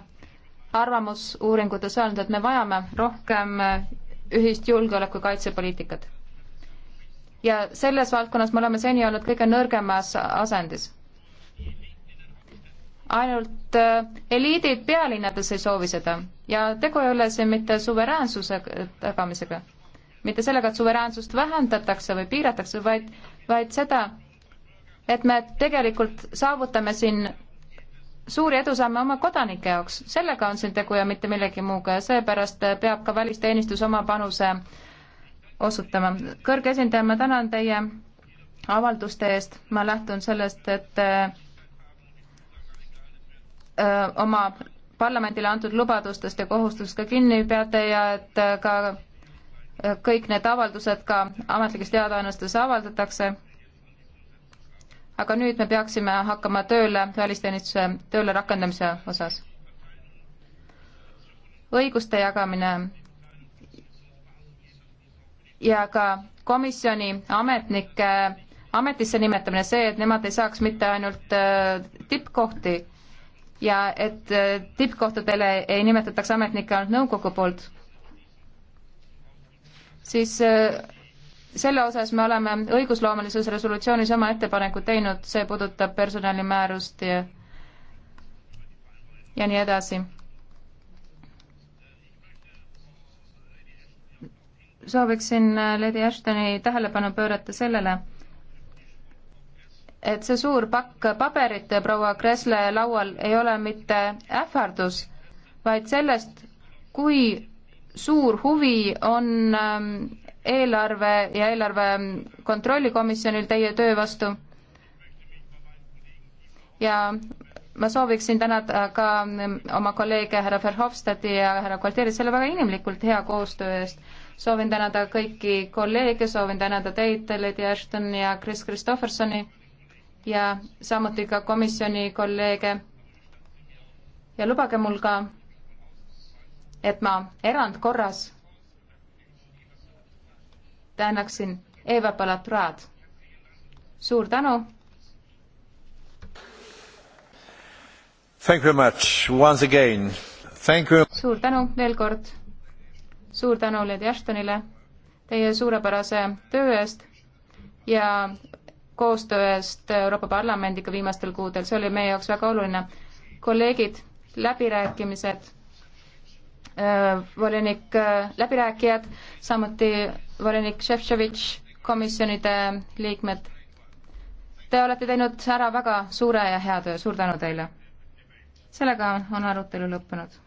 arvamusuuringutes öelnud, et me vajame rohkem ühist julgeoleku- ja kaitsepoliitikat. ja selles valdkonnas me oleme seni olnud kõige nõrgemas asendis. ainult äh, eliidid pealinnades ei soovi seda ja tegu ei ole siin mitte suveräänsuse tagamisega, mitte sellega, et suveräänsust vähendatakse või piiratakse, vaid, vaid seda, et me tegelikult saavutame siin suuri edusamme oma kodanike jaoks, sellega on siin tegu ja mitte millegi muuga ja seepärast peab ka välisteenistus oma panuse osutama. kõrge esindaja, ma tänan teie avalduste eest, ma lähtun sellest, et äh, öö, oma parlamendile antud lubadustest ja kohustust ka kinni peate ja et ka kõik need avaldused ka ametlikes teadaannetes avaldatakse aga nüüd me peaksime hakkama tööle välisteenistuse tööle rakendamise osas. õiguste jagamine ja ka komisjoni ametnike ametisse nimetamine, see, et nemad ei saaks mitte ainult äh, tippkohti ja et äh, tippkohtadele ei nimetataks ametnikke ainult nõukogu poolt, siis äh, selle osas me oleme õigusloomelises resolutsioonis oma ettepanekud teinud, see puudutab personalimäärust ja, ja nii edasi. sooviksin äh, Lady Ashtoni tähelepanu pöörata sellele, et see suur pakk paberit proua Kresle laual ei ole mitte ähvardus, vaid sellest, kui suur huvi on ähm, eelarve ja eelarve kontrollikomisjonil teie töö vastu. ja ma sooviksin tänada ka oma kolleege härra Verhofstadti ja härra Kolteeri selle väga inimlikult hea koostöö eest. soovin tänada kõiki kolleege, soovin tänada teid, Lady Ashton ja Chris Christophersoni ja samuti ka komisjoni kolleege. ja lubage mul ka, et ma erandkorras tänaksin Eva Palatrat. suur tänu. Thank you very much once again. Thank you. suur tänu veel kord. suur tänu Lady Ashtonile teie suurepärase töö eest ja koostöö eest Euroopa Parlamendiga viimastel kuudel, see oli meie jaoks väga oluline. kolleegid, läbirääkimised äh, volinik äh, läbirääkijad, samuti volinik Šefčovitš, komisjonide liikmed. Te olete teinud ära väga suure ja hea töö, suur tänu teile. sellega on arutelu lõppenud